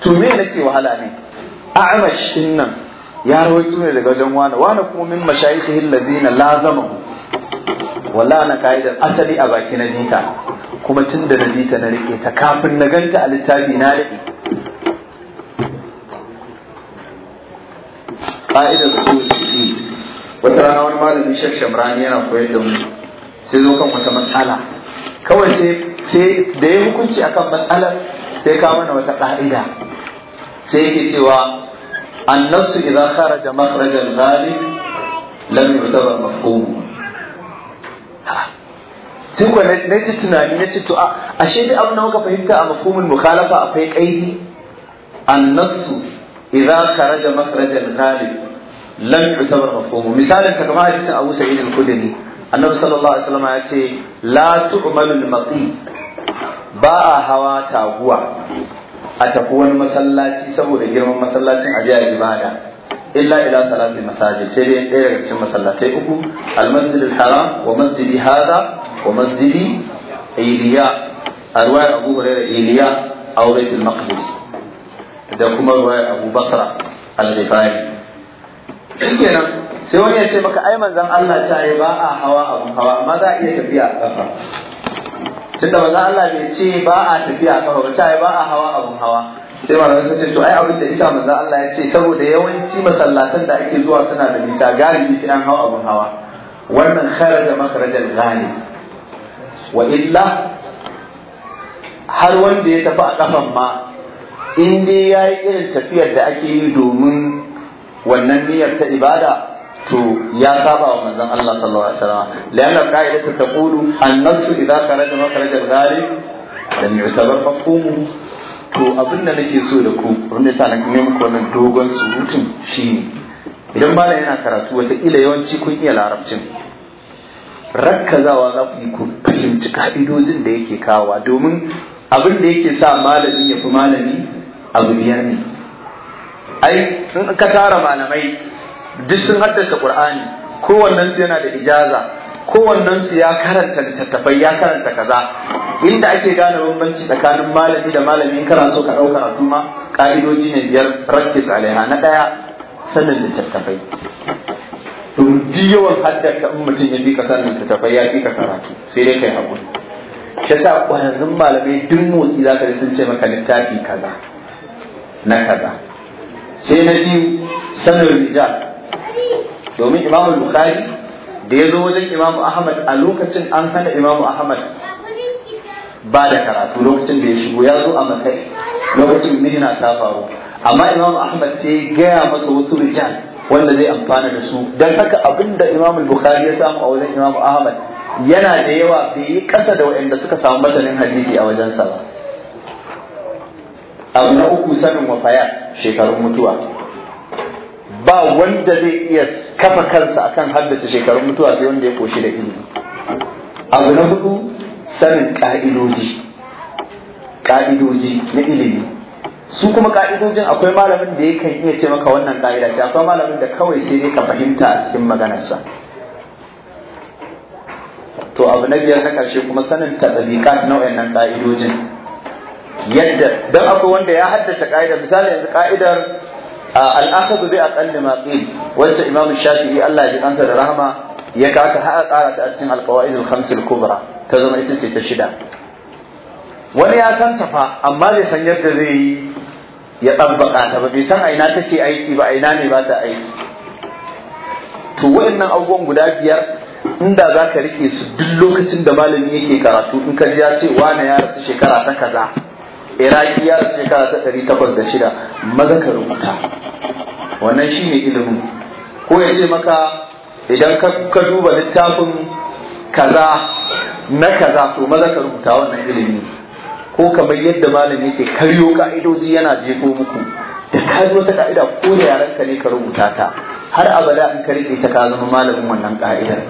to me nake wahala ne a'ama shin nan ya rawaito ne daga wajen wani wani kuma min mashayikhi allazina lazama wallahi na ka'idar asali a baki na jita kuma tun da na jita na rike ta kafin na ganta a littafi na rike ka'idar su wata rana wani malami shek shamrani yana koyar da mu sai zo kan wata matsala kawai sai sai da ya hukunci akan matsalar sai ka mana wata ƙa'ida sai yake cewa annafsu idza kharaja makhraja al-ghalib lam yutabar mafhum sai ko na ci tunani na ci to a ashe dai abin da muka fahimta a mafhumul mukhalafa akwai kaidi annafsu idza kharaja makhraja al-ghalib lam yutabar mafhumu misalin ta kamar hadisin Abu Sa'id al-Khudri annabi sallallahu alaihi wasallam ya ce la tu'malu al-maqi ba a hawa taguwa a tafi wani masallaci saboda girman masallacin a jiya ibada illa ila salati masajid sai dai ɗaya daga cikin masallatai uku al-masjid al-haram wa masjidi hada wa masjidi iliya a ruwayar abu hurairah iliya a wurin al-maqdis da kuma ruwayar abu basra al-rifai kenan sai wani ya ce maka ai manzan Allah ta yi ba a hawa abun hawa amma za a iya tafiya a kafa tunda manzon Allah bai ce ba a tafiya a kafa ba ta yi ba a hawa abun hawa sai malamai sun ce to ai abin da isa manzan Allah ya ce saboda yawanci masallatan da ake zuwa suna da nisa galibi sai an hawa abun hawa wannan da makarajar gani wa illa har wanda ya tafi a kafan ma in dai ya yi irin tafiyar da ake yi domin wannan niyyar ta ibada to ya saba wa manzon Allah sallallahu alaihi wasallam lalla qaidatu taqulu annasu idza kharaja ma kharaja al-ghali lam yu'tabar mafhumu to abin da nake so da ku wanda yasa na ne muku wannan dogon surutun shine idan ba yana karatu wata ila yawanci kun iya larabcin rakkazawa za ku yi ku fahimci ka'idojin da yake kawa domin abin da yake sa malami ya fi malami abu biyar ne ai in ka tara malamai duk sun haddace qur'ani kowannen su yana da ijaza kowannen su ya karanta littattafai ya karanta kaza inda ake gane bambanci tsakanin malami da malami kana so ka dauka karatu ma ka'idoji ne biyar rakki alaiha na daya sanin littattafai duk yawan haddaka in mutum ya bi ka sanin littattafai ya bi ka karatu sai dai kai hakuri shi yasa malamai duk motsi za ka sun ce maka littafi kaza na kaza sai na biyu sanin rijal domin imamu bukhari da ya zo wajen imamu ahmad a lokacin an hana imamu ahmad ba da karatu lokacin da ya shigo ya zo a makai lokacin mijina ta faru amma imamu ahmad sai ya gaya masa wasu rijal wanda zai amfana da su don haka abin da imamu bukhari ya samu a wajen imamu ahmad yana da yawa bai yi kasa da waɗanda suka samu masanin hadisi a wajensa ba abu na uku sanin wafaya shekarun mutuwa ba wanda zai iya kafa kansa akan haddace shekarun mutuwa sai wanda ya koshi da ilimi abu na hudu sanin ka'idoji ka'idoji na ilimi su kuma ka'idojin akwai malamin da yakan iya ce maka wannan ka'ida ce akwai malamin da kawai sai dai ka fahimta a cikin maganarsa to abu na biyar na karshe kuma sanin tabiqat nau'in nan ka'idojin yadda don akwai wanda ya haddasa kaida misali yanzu ka'idar al'akadu zai aqalli ma qil wacce imamu shafi'i Allah ya kansa da rahama ya kasa a tsara ta cikin alqawaid al kubra ta zama ita ce ta shida wani ya san fa amma zai san yadda zai yi ya ɗabbaka ta ba bai san aina ta take aiki ba a ina ne ba ta aiki to waɗannan abubuwan guda biyar inda za ka rike su duk lokacin da malami yake karatu in ka ji ya ce wane ya rasu shekara ta kaza iraki ya shekara ta ɗari takwas da shida maza ka rubuta wannan shi ne ilimin ko ya ce maka idan ka duba littafin kaza na kaza to maza ka rubuta wannan ilimi ko kamar yadda malam yake karyo ka'idoji yana jefo muku da ka ta ka'ida ko da yaranka ne ka rubuta ta har abada in ka rike ta ka zama malamin wannan ka'idar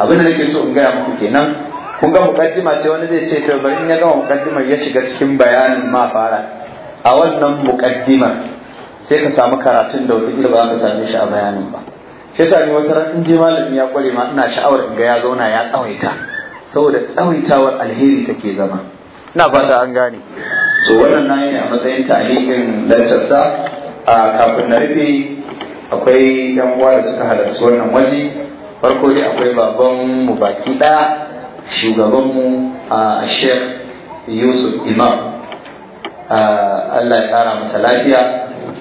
Abinda da nake so in gaya muku kenan kun ga mukaddima ce wani zai ce to bari in ya gama mukaddimar ya shiga cikin bayanin ma fara a wannan mukaddimar sai ka samu karatun da wata ba ka same shi a bayanin ba shi yasa ni wata ran je malami ya kware ma ina sha'awar in ga ya zauna ya tsawaita saboda tsawaitawar alheri take zama ina fata an gane to wannan nayi yi a matsayin tarihin lantarsa a kafin na rufe akwai yan uwa da suka halarci wannan waje farko dai akwai baban mu baki daya shugabanmu a sheikh yusuf imam Allah ya ƙara masa lafiya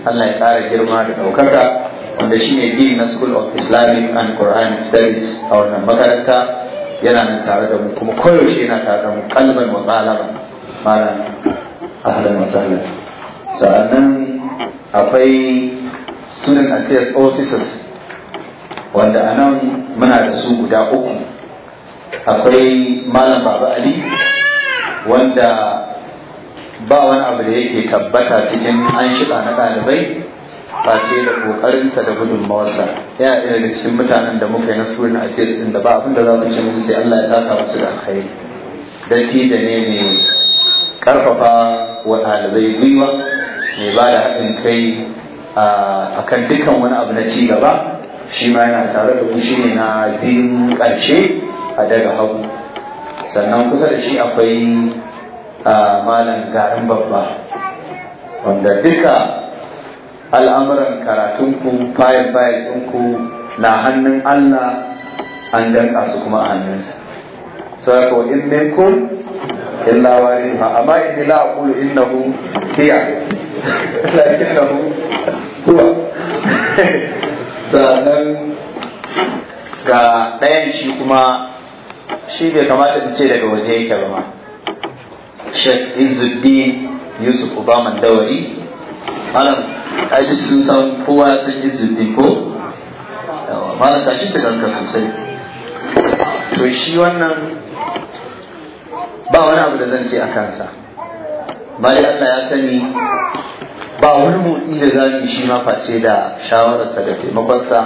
Allah ya ƙara girma da ɗaukaka wanda shi ne dean na school of islamic and quran studies a wannan makaranta yana nan tare da mu kuma koyaushe yana tare da mu kalban wa ƙalaban malam ahlan wa sahlan sa'annan akwai student affairs officers wanda a nan muna da su guda uku akwai malam baba ali wanda ba wani abu da yake tabbata cikin an shiga na ɗalibai face da ƙoƙarinsa da gudummawarsa, yana ɗaya daga cikin mutanen da muka yi na surin a fes ɗin da ba abin da za mu ce musu sai Allah ya saka musu da alkhairi dattijo ne mai karfafa wa ɗalibai gwiwa mai ba da haɗin kai a kan dukkan wani abu na ci gaba shi ma yana tare da ku ne na biyun ƙarshe a daga hagu sannan kusa da shi akwai malam garin babba wanda duka al'amuran karatunku fayil fayil ɗinku na hannun Allah an danka su kuma a hannunsa sai ko in minkum illa waridha amma na hu? aqulu innahu hiya hu? huwa sannan ga ɗayan shi kuma shi bai kamata in ce daga waje yake ba ma Sheikh Izzuddin Yusuf Obama Dawari malam ai sun san kowa sun Izzuddin ko malam ta shi ta ganka sosai to shi wannan ba wani abu da zan ce a kansa bari Allah ya sani ba wani motsi da zami shi ma face da shawararsa da taimakonsa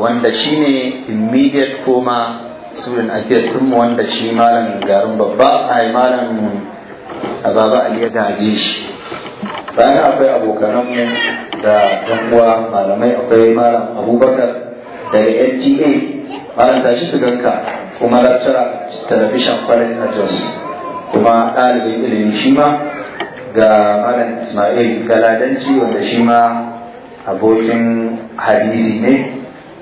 wanda shine immediate koma surin ake din mu wanda shi malam garin babba ai malam mu ababa ali ya gaje shi bayan akwai abokanan mu da dan uwa malamai akwai malam abubakar da NTA malam tashi su ganka kuma lecturer television college a Jos kuma ɗalibin ilimi shi ma ga malam Ismail Galadanci wanda shi ma abokin hadisi ne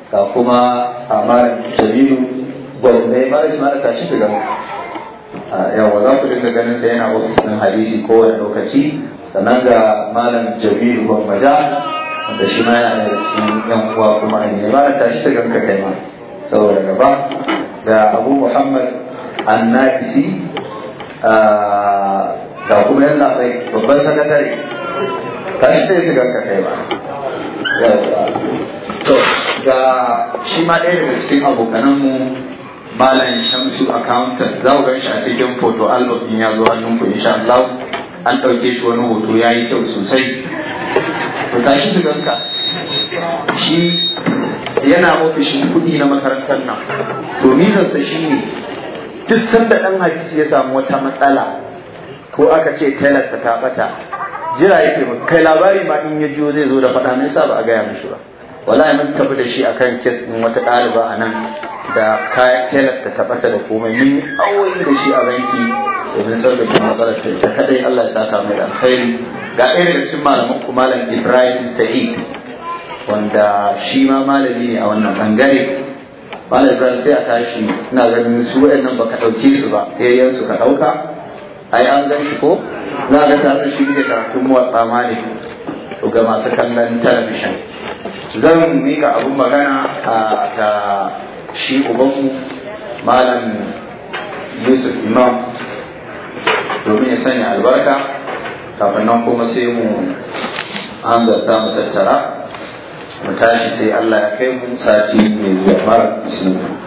ga kuma a malam Jamilu gwalmai marashi marasa shi shiga ah, yawa za ku dinga ganin sai yana ofisin hadisi kowane lokaci sannan ga malam jabiru gwammaja wanda shi ma yana da cikin yan uwa kuma a ne ba tashi shi shigan ka kai ma saboda gaba da abu muhammad annakisi da ah, kuma yana sai babban sakatare ta shi sai shigan ka kai ma ga shi ma ɗaya daga cikin abokananmu malam shamsu accountant za ku gan shi a cikin photo album din ya zo hannun ku insha Allah an ɗauke shi wani hoto ya yi kyau sosai to tashi su ganka shi yana ofishin kuɗi na makarantar nan to mizansa shi ne duk sanda ɗan hadisi ya samu wata matsala ko aka ce talarsa ta bata jira yake kai labari ma in ya jiyo zai zo da faɗa nisa ba a gaya mishi ba wallahi mun tafi da shi a kan kes ɗin wata ɗaliba a nan da kayan telar ta tabata da komai mun awoyi da shi a banki domin sarrafa matsalar ta ta kadai Allah ya saka mai alkhairi ga ɗaya da cin malamin ku malam Ibrahim Sa'id wanda shi ma malami ne a wannan bangare malam Ibrahim sai a tashi ina ganin su waɗannan baka ɗauke su ba yayyan su ka ɗauka ai an gan shi ko za ga tare shi da karatun muwatta ma ne ga masu kallon talabishin zan mika abin magana a ta shi ubanmu malam yusuf imam domin ya sanya albarka kafin nan kuma sai mu zarta mu tattara mu tashi sai allah ya kai mu sati mai zuwa mara musulmi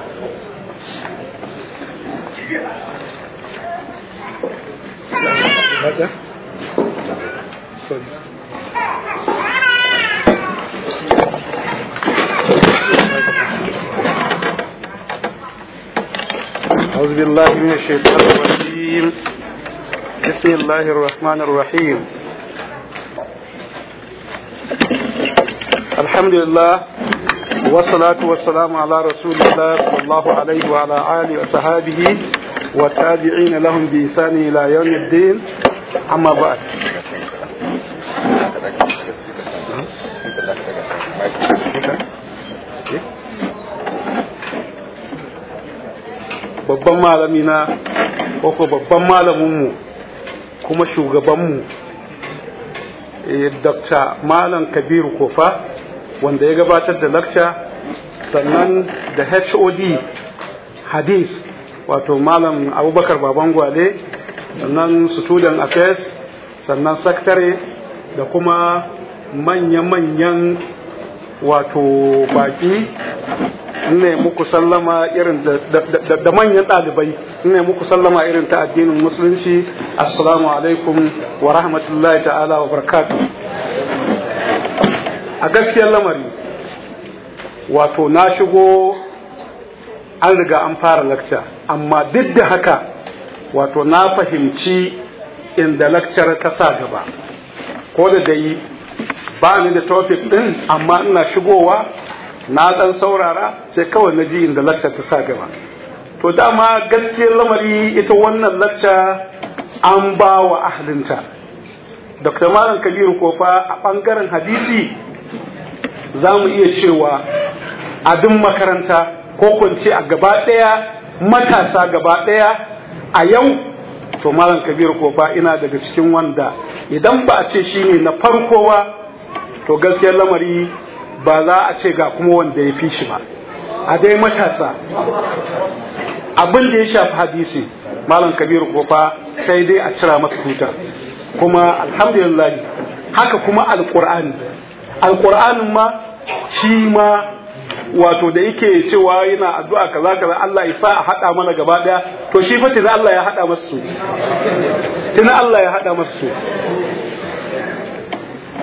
Thank you. أعوذ بالله من الشيطان الرجيم بسم الله الرحمن الرحيم الحمد لله والصلاة والسلام على رسول الله صلى الله عليه وعلى آله وصحابه والتابعين لهم بإحسان إلى يوم الدين أما بعد babban malami na ko babban malaminmu kuma shugabanmu eh, dr malam kabiru kofa wanda ya gabatar da lakca sannan da hod hadis wato malam abubakar baban gwale sannan student affairs sannan sakatare da kuma manya-manyan wato baki ne muku sallama irin da manyan ɗalibai ne muku sallama irin ta addinin musulunci assalamu alaikum wa rahmatullahi ta'ala wa barakatu a gaskiyar lamari wato na shigo an riga an fara lakca amma duk da haka wato na fahimci inda lakcar sa gaba ko da dai ba ni da topic din amma ina shigowa na dan saurara sai kawai na ji inda lacca ta sa gaba to dama gaskiya lamari ita wannan lacca an ba wa ahlinta dr malam kabiru kofa a bangaren hadisi za mu iya cewa a duk makaranta ko kwance a gaba ɗaya matasa gaba ɗaya a yau to malam kabiru kofa ina daga cikin wanda idan ba a ce shine na farko ba to gaskiyar lamari ba za a ce ga kuma wanda ya fi shi ba a dai matasa abin da ya shafi hadisi malam kabiru kofa sai dai a cira masu tuta kuma alhamdulillah haka kuma alkur'ani alkur'anin ma shi ma wato da yake cewa yana addu'a kaza kaza Allah ya sa a hada mana gaba daya to shi fa Allah ya hada masu tana Allah ya hada masu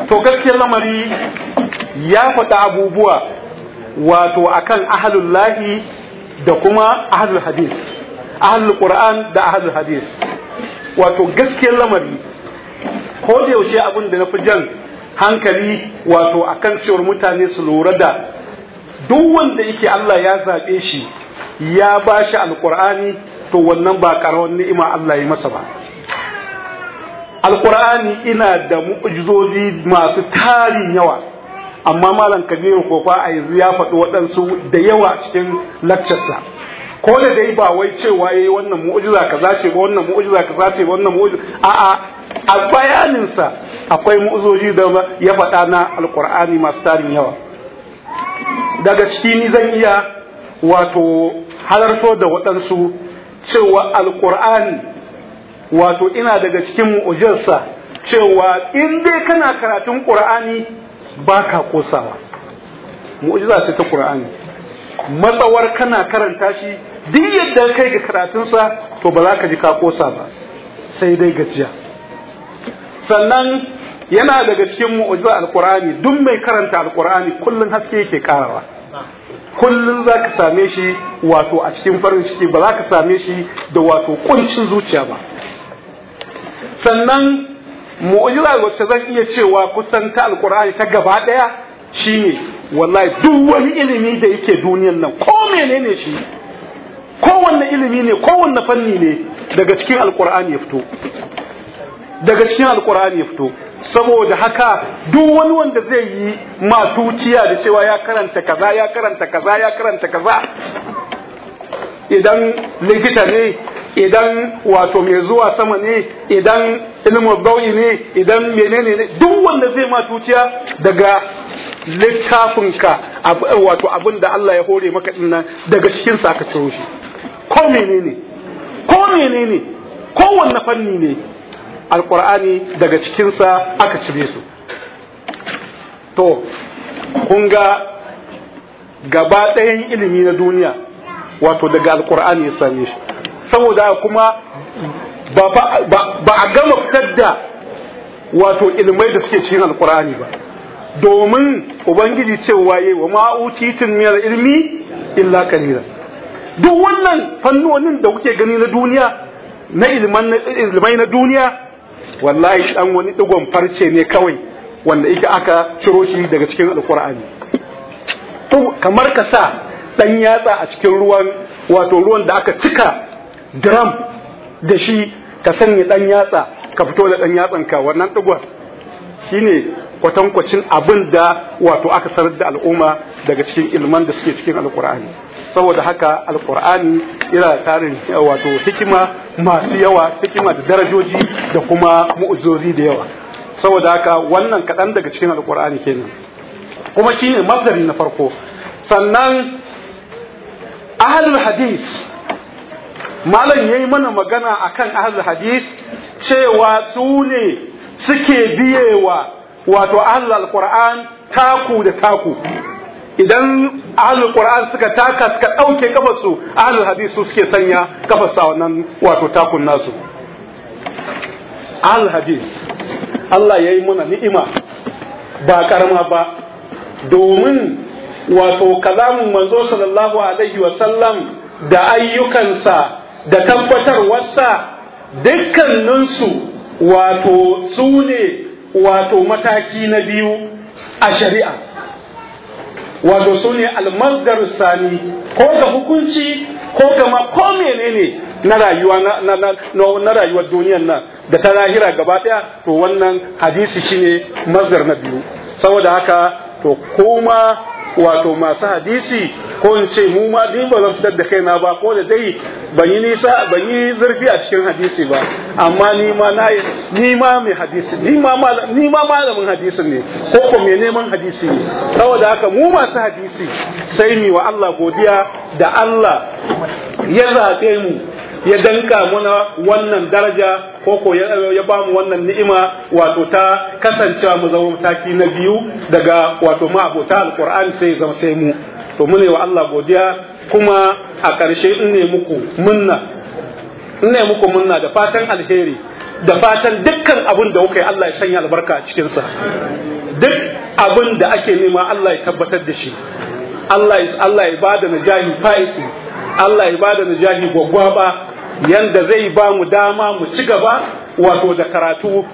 to gaskiyar lamari ya faɗa abubuwa wato akan ahlul lahi da kuma ahlul hadis ahlul qur'an da ahlul hadis wato gaskiyar lamari ko da yaushe abin da na fi jan hankali wato akan cewar mutane su lura da duk wanda yake Allah ya zaɓe shi ya ba shi alƙur'ani to wannan ba ƙarawar ni'ima Allah ya masa ba alkur'ani ina da mu'jizozi masu tari yawa amma malam kabiru fa a yanzu ya faɗi waɗansu da yawa cikin lakcarsa ko da dai ba wai cewa yayi wannan mu'jiza kaza ce ba wannan mu'jiza kaza ce ba wannan mu'jiza a a a bayaninsa akwai mu'jizoji da ya faɗa na alkur'ani masu tari yawa daga ciki ni zan iya wato halarto da waɗansu cewa alkur'ani wato ina daga cikin mu'ujarsa cewa in dai kana karatun ƙura'ani ba ka ƙosawa. mu'ujiza ce ta ƙur'ani. matsawar kana karanta shi duk yadda kai ga karatunsa to ba za ka ji ka ƙosa ba sai dai gajiya sannan yana daga cikin mu'ujiza alƙura'ani duk mai karanta alƙura'ani kullum haske yake karawa Kullum za ka same shi wato a cikin farin ciki ba za ka same shi da wato ƙuncin zuciya ba sannan mu'jiza wacce zan iya cewa kusan ta alkur'ani ta gaba daya ne. wallahi duk wani ilimi da yake duniyan nan ko menene shi kowanne ilimi ne kowanne fanni ne daga cikin alkur'ani ya fito daga cikin alkur'ani ya fito saboda haka duk wani wanda zai yi matuciya da cewa ya karanta kaza ya karanta kaza ya karanta kaza idan likita ne idan wato mai zuwa sama ne idan ilimin bauyi ne idan menene ne duk wanda zai ma tuciya daga littafinka wato abin Allah ya hore maka dinnan daga cikin sa ciro shi ko menene ko menene ko wanne fanni ne alqur'ani daga cikin aka cire su to kun ga gaba ɗayan ilimi na duniya wato daga alqur'ani ya same shi saboda kuma ba a gama fitar da wato ilmai da suke cikin alkur'ani ba domin ubangiji cewa yi wa ma'utitin miyar ilmi illa kalila duk wannan fannonin da kuke gani na duniya na ilmai na duniya wallahi dan wani digon farce ne kawai wanda ike aka ciro shi daga cikin alkur'ani kamar ka sa dan yatsa a cikin ruwan wato ruwan da aka cika drum da shi ka sanya dan yatsa ka fito da dan ka wannan dugwa shine kwatankwacin abin da wato aka sanar da al'umma daga cikin ilman da suke cikin alkur'ani saboda haka alkur'ani yana tarin wato hikima masu yawa hikima da darajoji da kuma mu'ujozi da yawa saboda haka wannan kaɗan daga cikin alkur'ani kenan kuma shine mazari na farko sannan ahlul hadis malam yayi mana magana akan ahlul hadis cewa su ne suke biyewa wato ahlul alquran taku da taku idan ahlul qur'an suka taka suka dauke kafarsu ahlul hadis su suke sanya kafarsa wannan wato takun nasu ahlul hadis Allah yayi mana ni'ima ba karama ba domin wato kalamin manzo sallallahu alaihi wasallam da ayyukansa da tabbatarwarsa dukkaninsu wato sune wato mataki na biyu a shari'a wato sune ne almasdar sani ko ga hukunci ko ga ko menene na rayuwa na rayuwar duniyar nan da ta lahira gaba daya to wannan hadisi shine masdar na biyu saboda haka to kuma wato masu hadisi ko in ce mu ma dai ba zan fitar da kaina ba ko da dai ban yi nisa ban yi zurfi a cikin hadisi ba amma ni ma na ni ma mai hadisi ni ma ni ma malamin hadisi ne ko ko mai neman hadisi ne saboda haka mu masu hadisi sai ni wa Allah godiya da Allah ya zaɓe mu ya danka mana wannan daraja ko ko ya ba mu wannan ni'ima wato ta kasancewa mu zama mataki na biyu daga wato ma abota alqur'ani sai zama sai mu to mu ne wa Allah godiya kuma a ƙarshe in ne muku munna in ne muku munna da fatan alheri da fatan dukkan abin da kuka yi Allah ya sanya albarka a cikinsa duk abin da ake nema Allah ya tabbatar da shi Allah ya ba da najahi fa'iki Allah ya ba da najahi gwaggwaba yanda zai ba mu dama mu ci gaba wato da karatu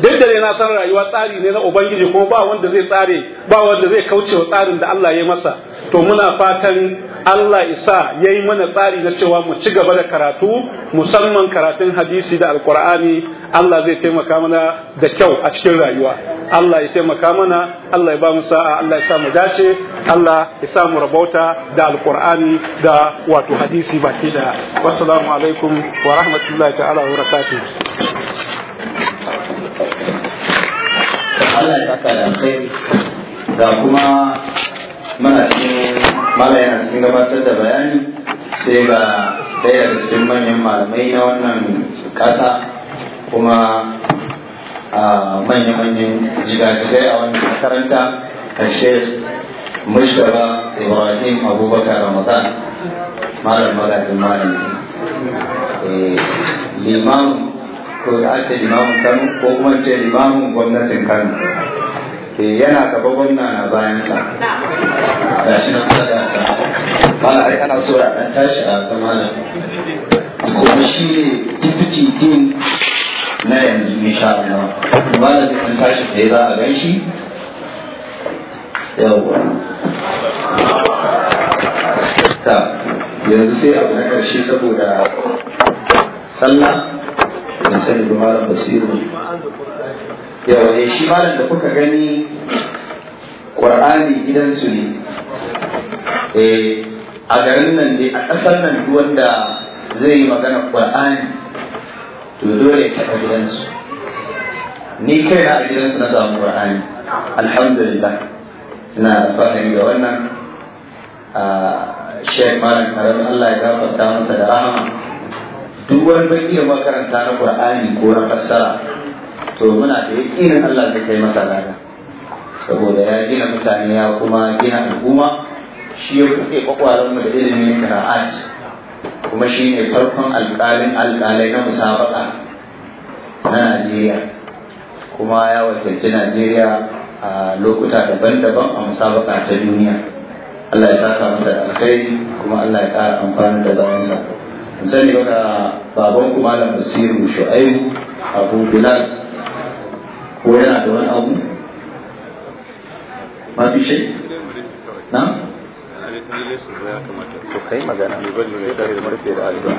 duk da na san rayuwa tsari ne na ubangiji kuma ba wanda zai tsare ba wanda zai kauce wa tsarin da Allah ya masa to muna fatan Allah isa yayi mana tsari na cewa mu ci gaba da karatu musamman karatun hadisi da alkur'ani Allah zai taimaka mana da kyau a cikin rayuwa Allah ya taimaka mana Allah ya ba mu sa'a Allah ya sa mu dace Allah ya sa mu rabauta da alkur'ani da wato hadisi baki da wassalamu alaikum wa rahmatullahi ta'ala wa barakatuh Allah ya saka da alkhairi da kuma muna cikin malaya yana cikin gabatar da bayani sai ga ɗaya daga cikin manyan malamai na wannan kasa kuma a manya-manyan jigajigai a wannan makaranta a shek mushtaba ibrahim abubakar ramadan malam magajin malam eh, limamu Ko an ce limamin kano ko kuma ce limamin gwamnatin kano yana gaba gwamna na bayansa ga shi na kusa da ta mana ai ana so a dan tashi a kamana kuma shi ne tipiti din na yanzu insha Allah mana da an tashi sai za a gan shi ta yanzu sai abu na karshe saboda sallah ban sani ba malam basiru yawa eh shi malam da kuka gani qur'ani gidansu ne eh, a garin nan ne a ƙasar nan wanda zai yi magana qur'ani to dole ya taɓa gidansu ni kai na a gidansu na samu qur'ani alhamdulillah ina fahimi ga wannan a ah, shek malam karam Allah ya gafarta masa da rahama duk wani bai iya makaranta na Qur'ani ko na fassara to muna da yakinin Allah da kai masa gada saboda ya gina mutane ya kuma gina al'umma shi ya kuɗe kwakwalen mu da ilimin qira'at kuma shi ne farkon alƙalin alƙalai na musabaka na Najeriya kuma ya wakilci Najeriya a lokuta daban-daban a musabaka ta duniya Allah ya saka masa da alkhairi kuma Allah ya ƙara amfani da bayansa. sani wanda baban ku malam basiru shu'aibu abu bilal ko yana da wani abu ba fi na magana da da alibar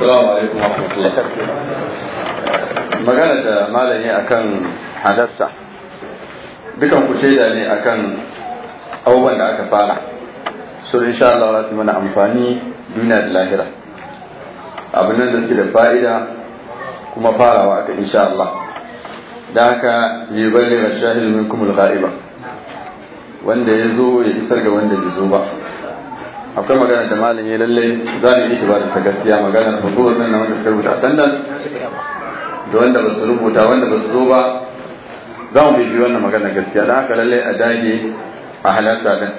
alaikum wa da malami akan hadarsa dukan ku shaida ne akan abubuwan da aka fara so insha Allah za su mana amfani duniya da lahira abin nan da suke da fa'ida kuma farawa aka insha Allah da haka ne bane ga shahil min lura’i ba wanda ya zo ya isar ga wanda bai zo ba akwai magana da malin ya lalle za mu yi da ta gaskiya magana ta hukumar nan wanda suka rubuta attendance da wanda ba su rubuta wanda ba su zo ba za mu bibi wannan magana gaskiya da haka lalle a dage a halarta din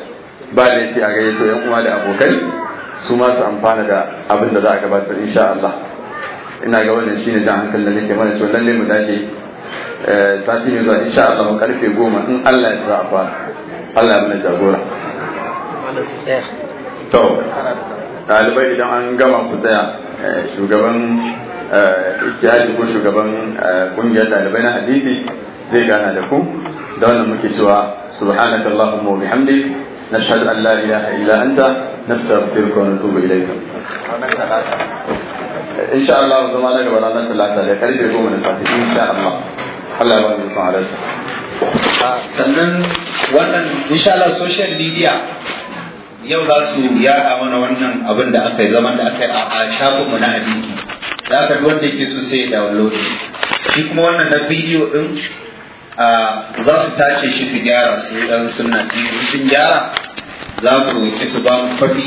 ba yake a gayyato yan uwa da abokai su ma su amfana da abin da za a gabatar insha Allah ina ga wannan shine jan hankali da nake mana to lalle mu dage eh, sati ne zuwa insha Allah karfe 10 in Allah ya za fa fara Allah ya mana jagora to ɗalibai idan an gama ku tsaya eh, shugaban eh, ittihadi ko shugaban kungiyar ɗalibai na hadisi zai gana da ku da wannan muke cewa subhanakallahumma wa bihamdika نشهد أن لا إله إلا أنت نستغفرك ونتوب إليك إن شاء الله زما لك ولا نسأل الله تعالى كريم يقوم من إن شاء الله Allah ya wani ala sannan wannan insha Allah social media yau za su yada mana wannan abin da aka yi zaman da aka yi a shafin mu na abiki za ka duk wanda yake so sai ya download shi kuma wannan na bidiyo din Ah, za su tace shi su gyara su yi ɗan suna sun gyara za ku roƙi su ba mu kwafi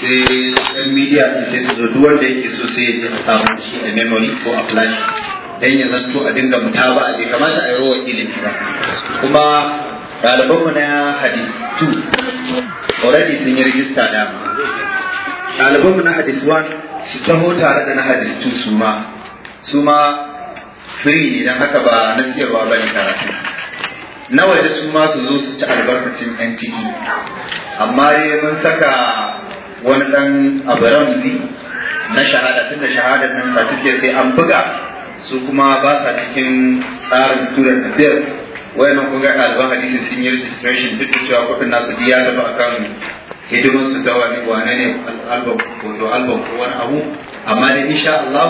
sai ɗan media ɗin sai su zo duk wanda yake so sai ya je a samu shi a memory ko a flash dan ya zanto a dinga muta ba a bai kamata a yi rawar ilimi ba kuma mu na hadith 2 already sun yi rijista dama mu na hadith 1 su taho tare da na hadith 2 su ma su ma free idan haka ba na siyarwa ba ne karatu na waje su ma su zo su ci albarkacin yan ciki amma dai mun saka wani dan abaramzi na shahada tun da shahadar nan take sai an buga su kuma ba sa cikin tsarin student affairs wayannan kun ga alban hadisi sun yi registration duk da cewa kuɗin nasu diya da ba akan hidimar su da wani wane ne album ko album ko wani abu amma dai insha Allah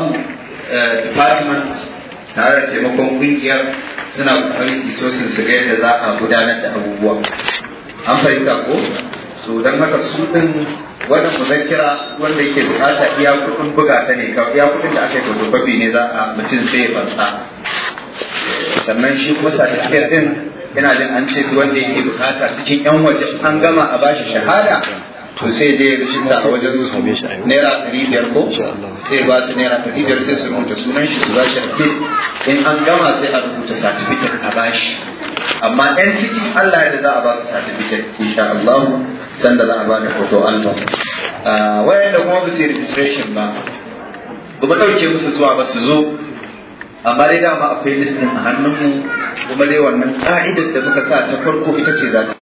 department eh, tare da taimakon kungiyar suna kokari su iso sun su yadda za a gudanar da abubuwa an fahimta ko so don haka su din wannan muzakira wanda yake bukata iya kudin buga ta ne ka iya kudin da aka yi fotokofi ne za a mutum sai ya fansa sannan shi kuma certificate din yana jin an ce wanda yake bukata cikin yan waje an gama a bashi shahada to sai je rijista a wajen su naira ɗari biyar ko sai ba su naira ɗari biyar sai su rubuta sunan shi su ba shi in an gama sai a rubuta satifiket a bashi amma yan ciki Allah da za a ba su satifiket insha Allah san da za a bani hoto Allah ah, wayanda kuma ba su registration ba kuma ɗauke musu zuwa ba su zo amma dai dama akwai listin a hannunmu kuma dai wannan ka'idar da muka sa ta farko ita ce za ta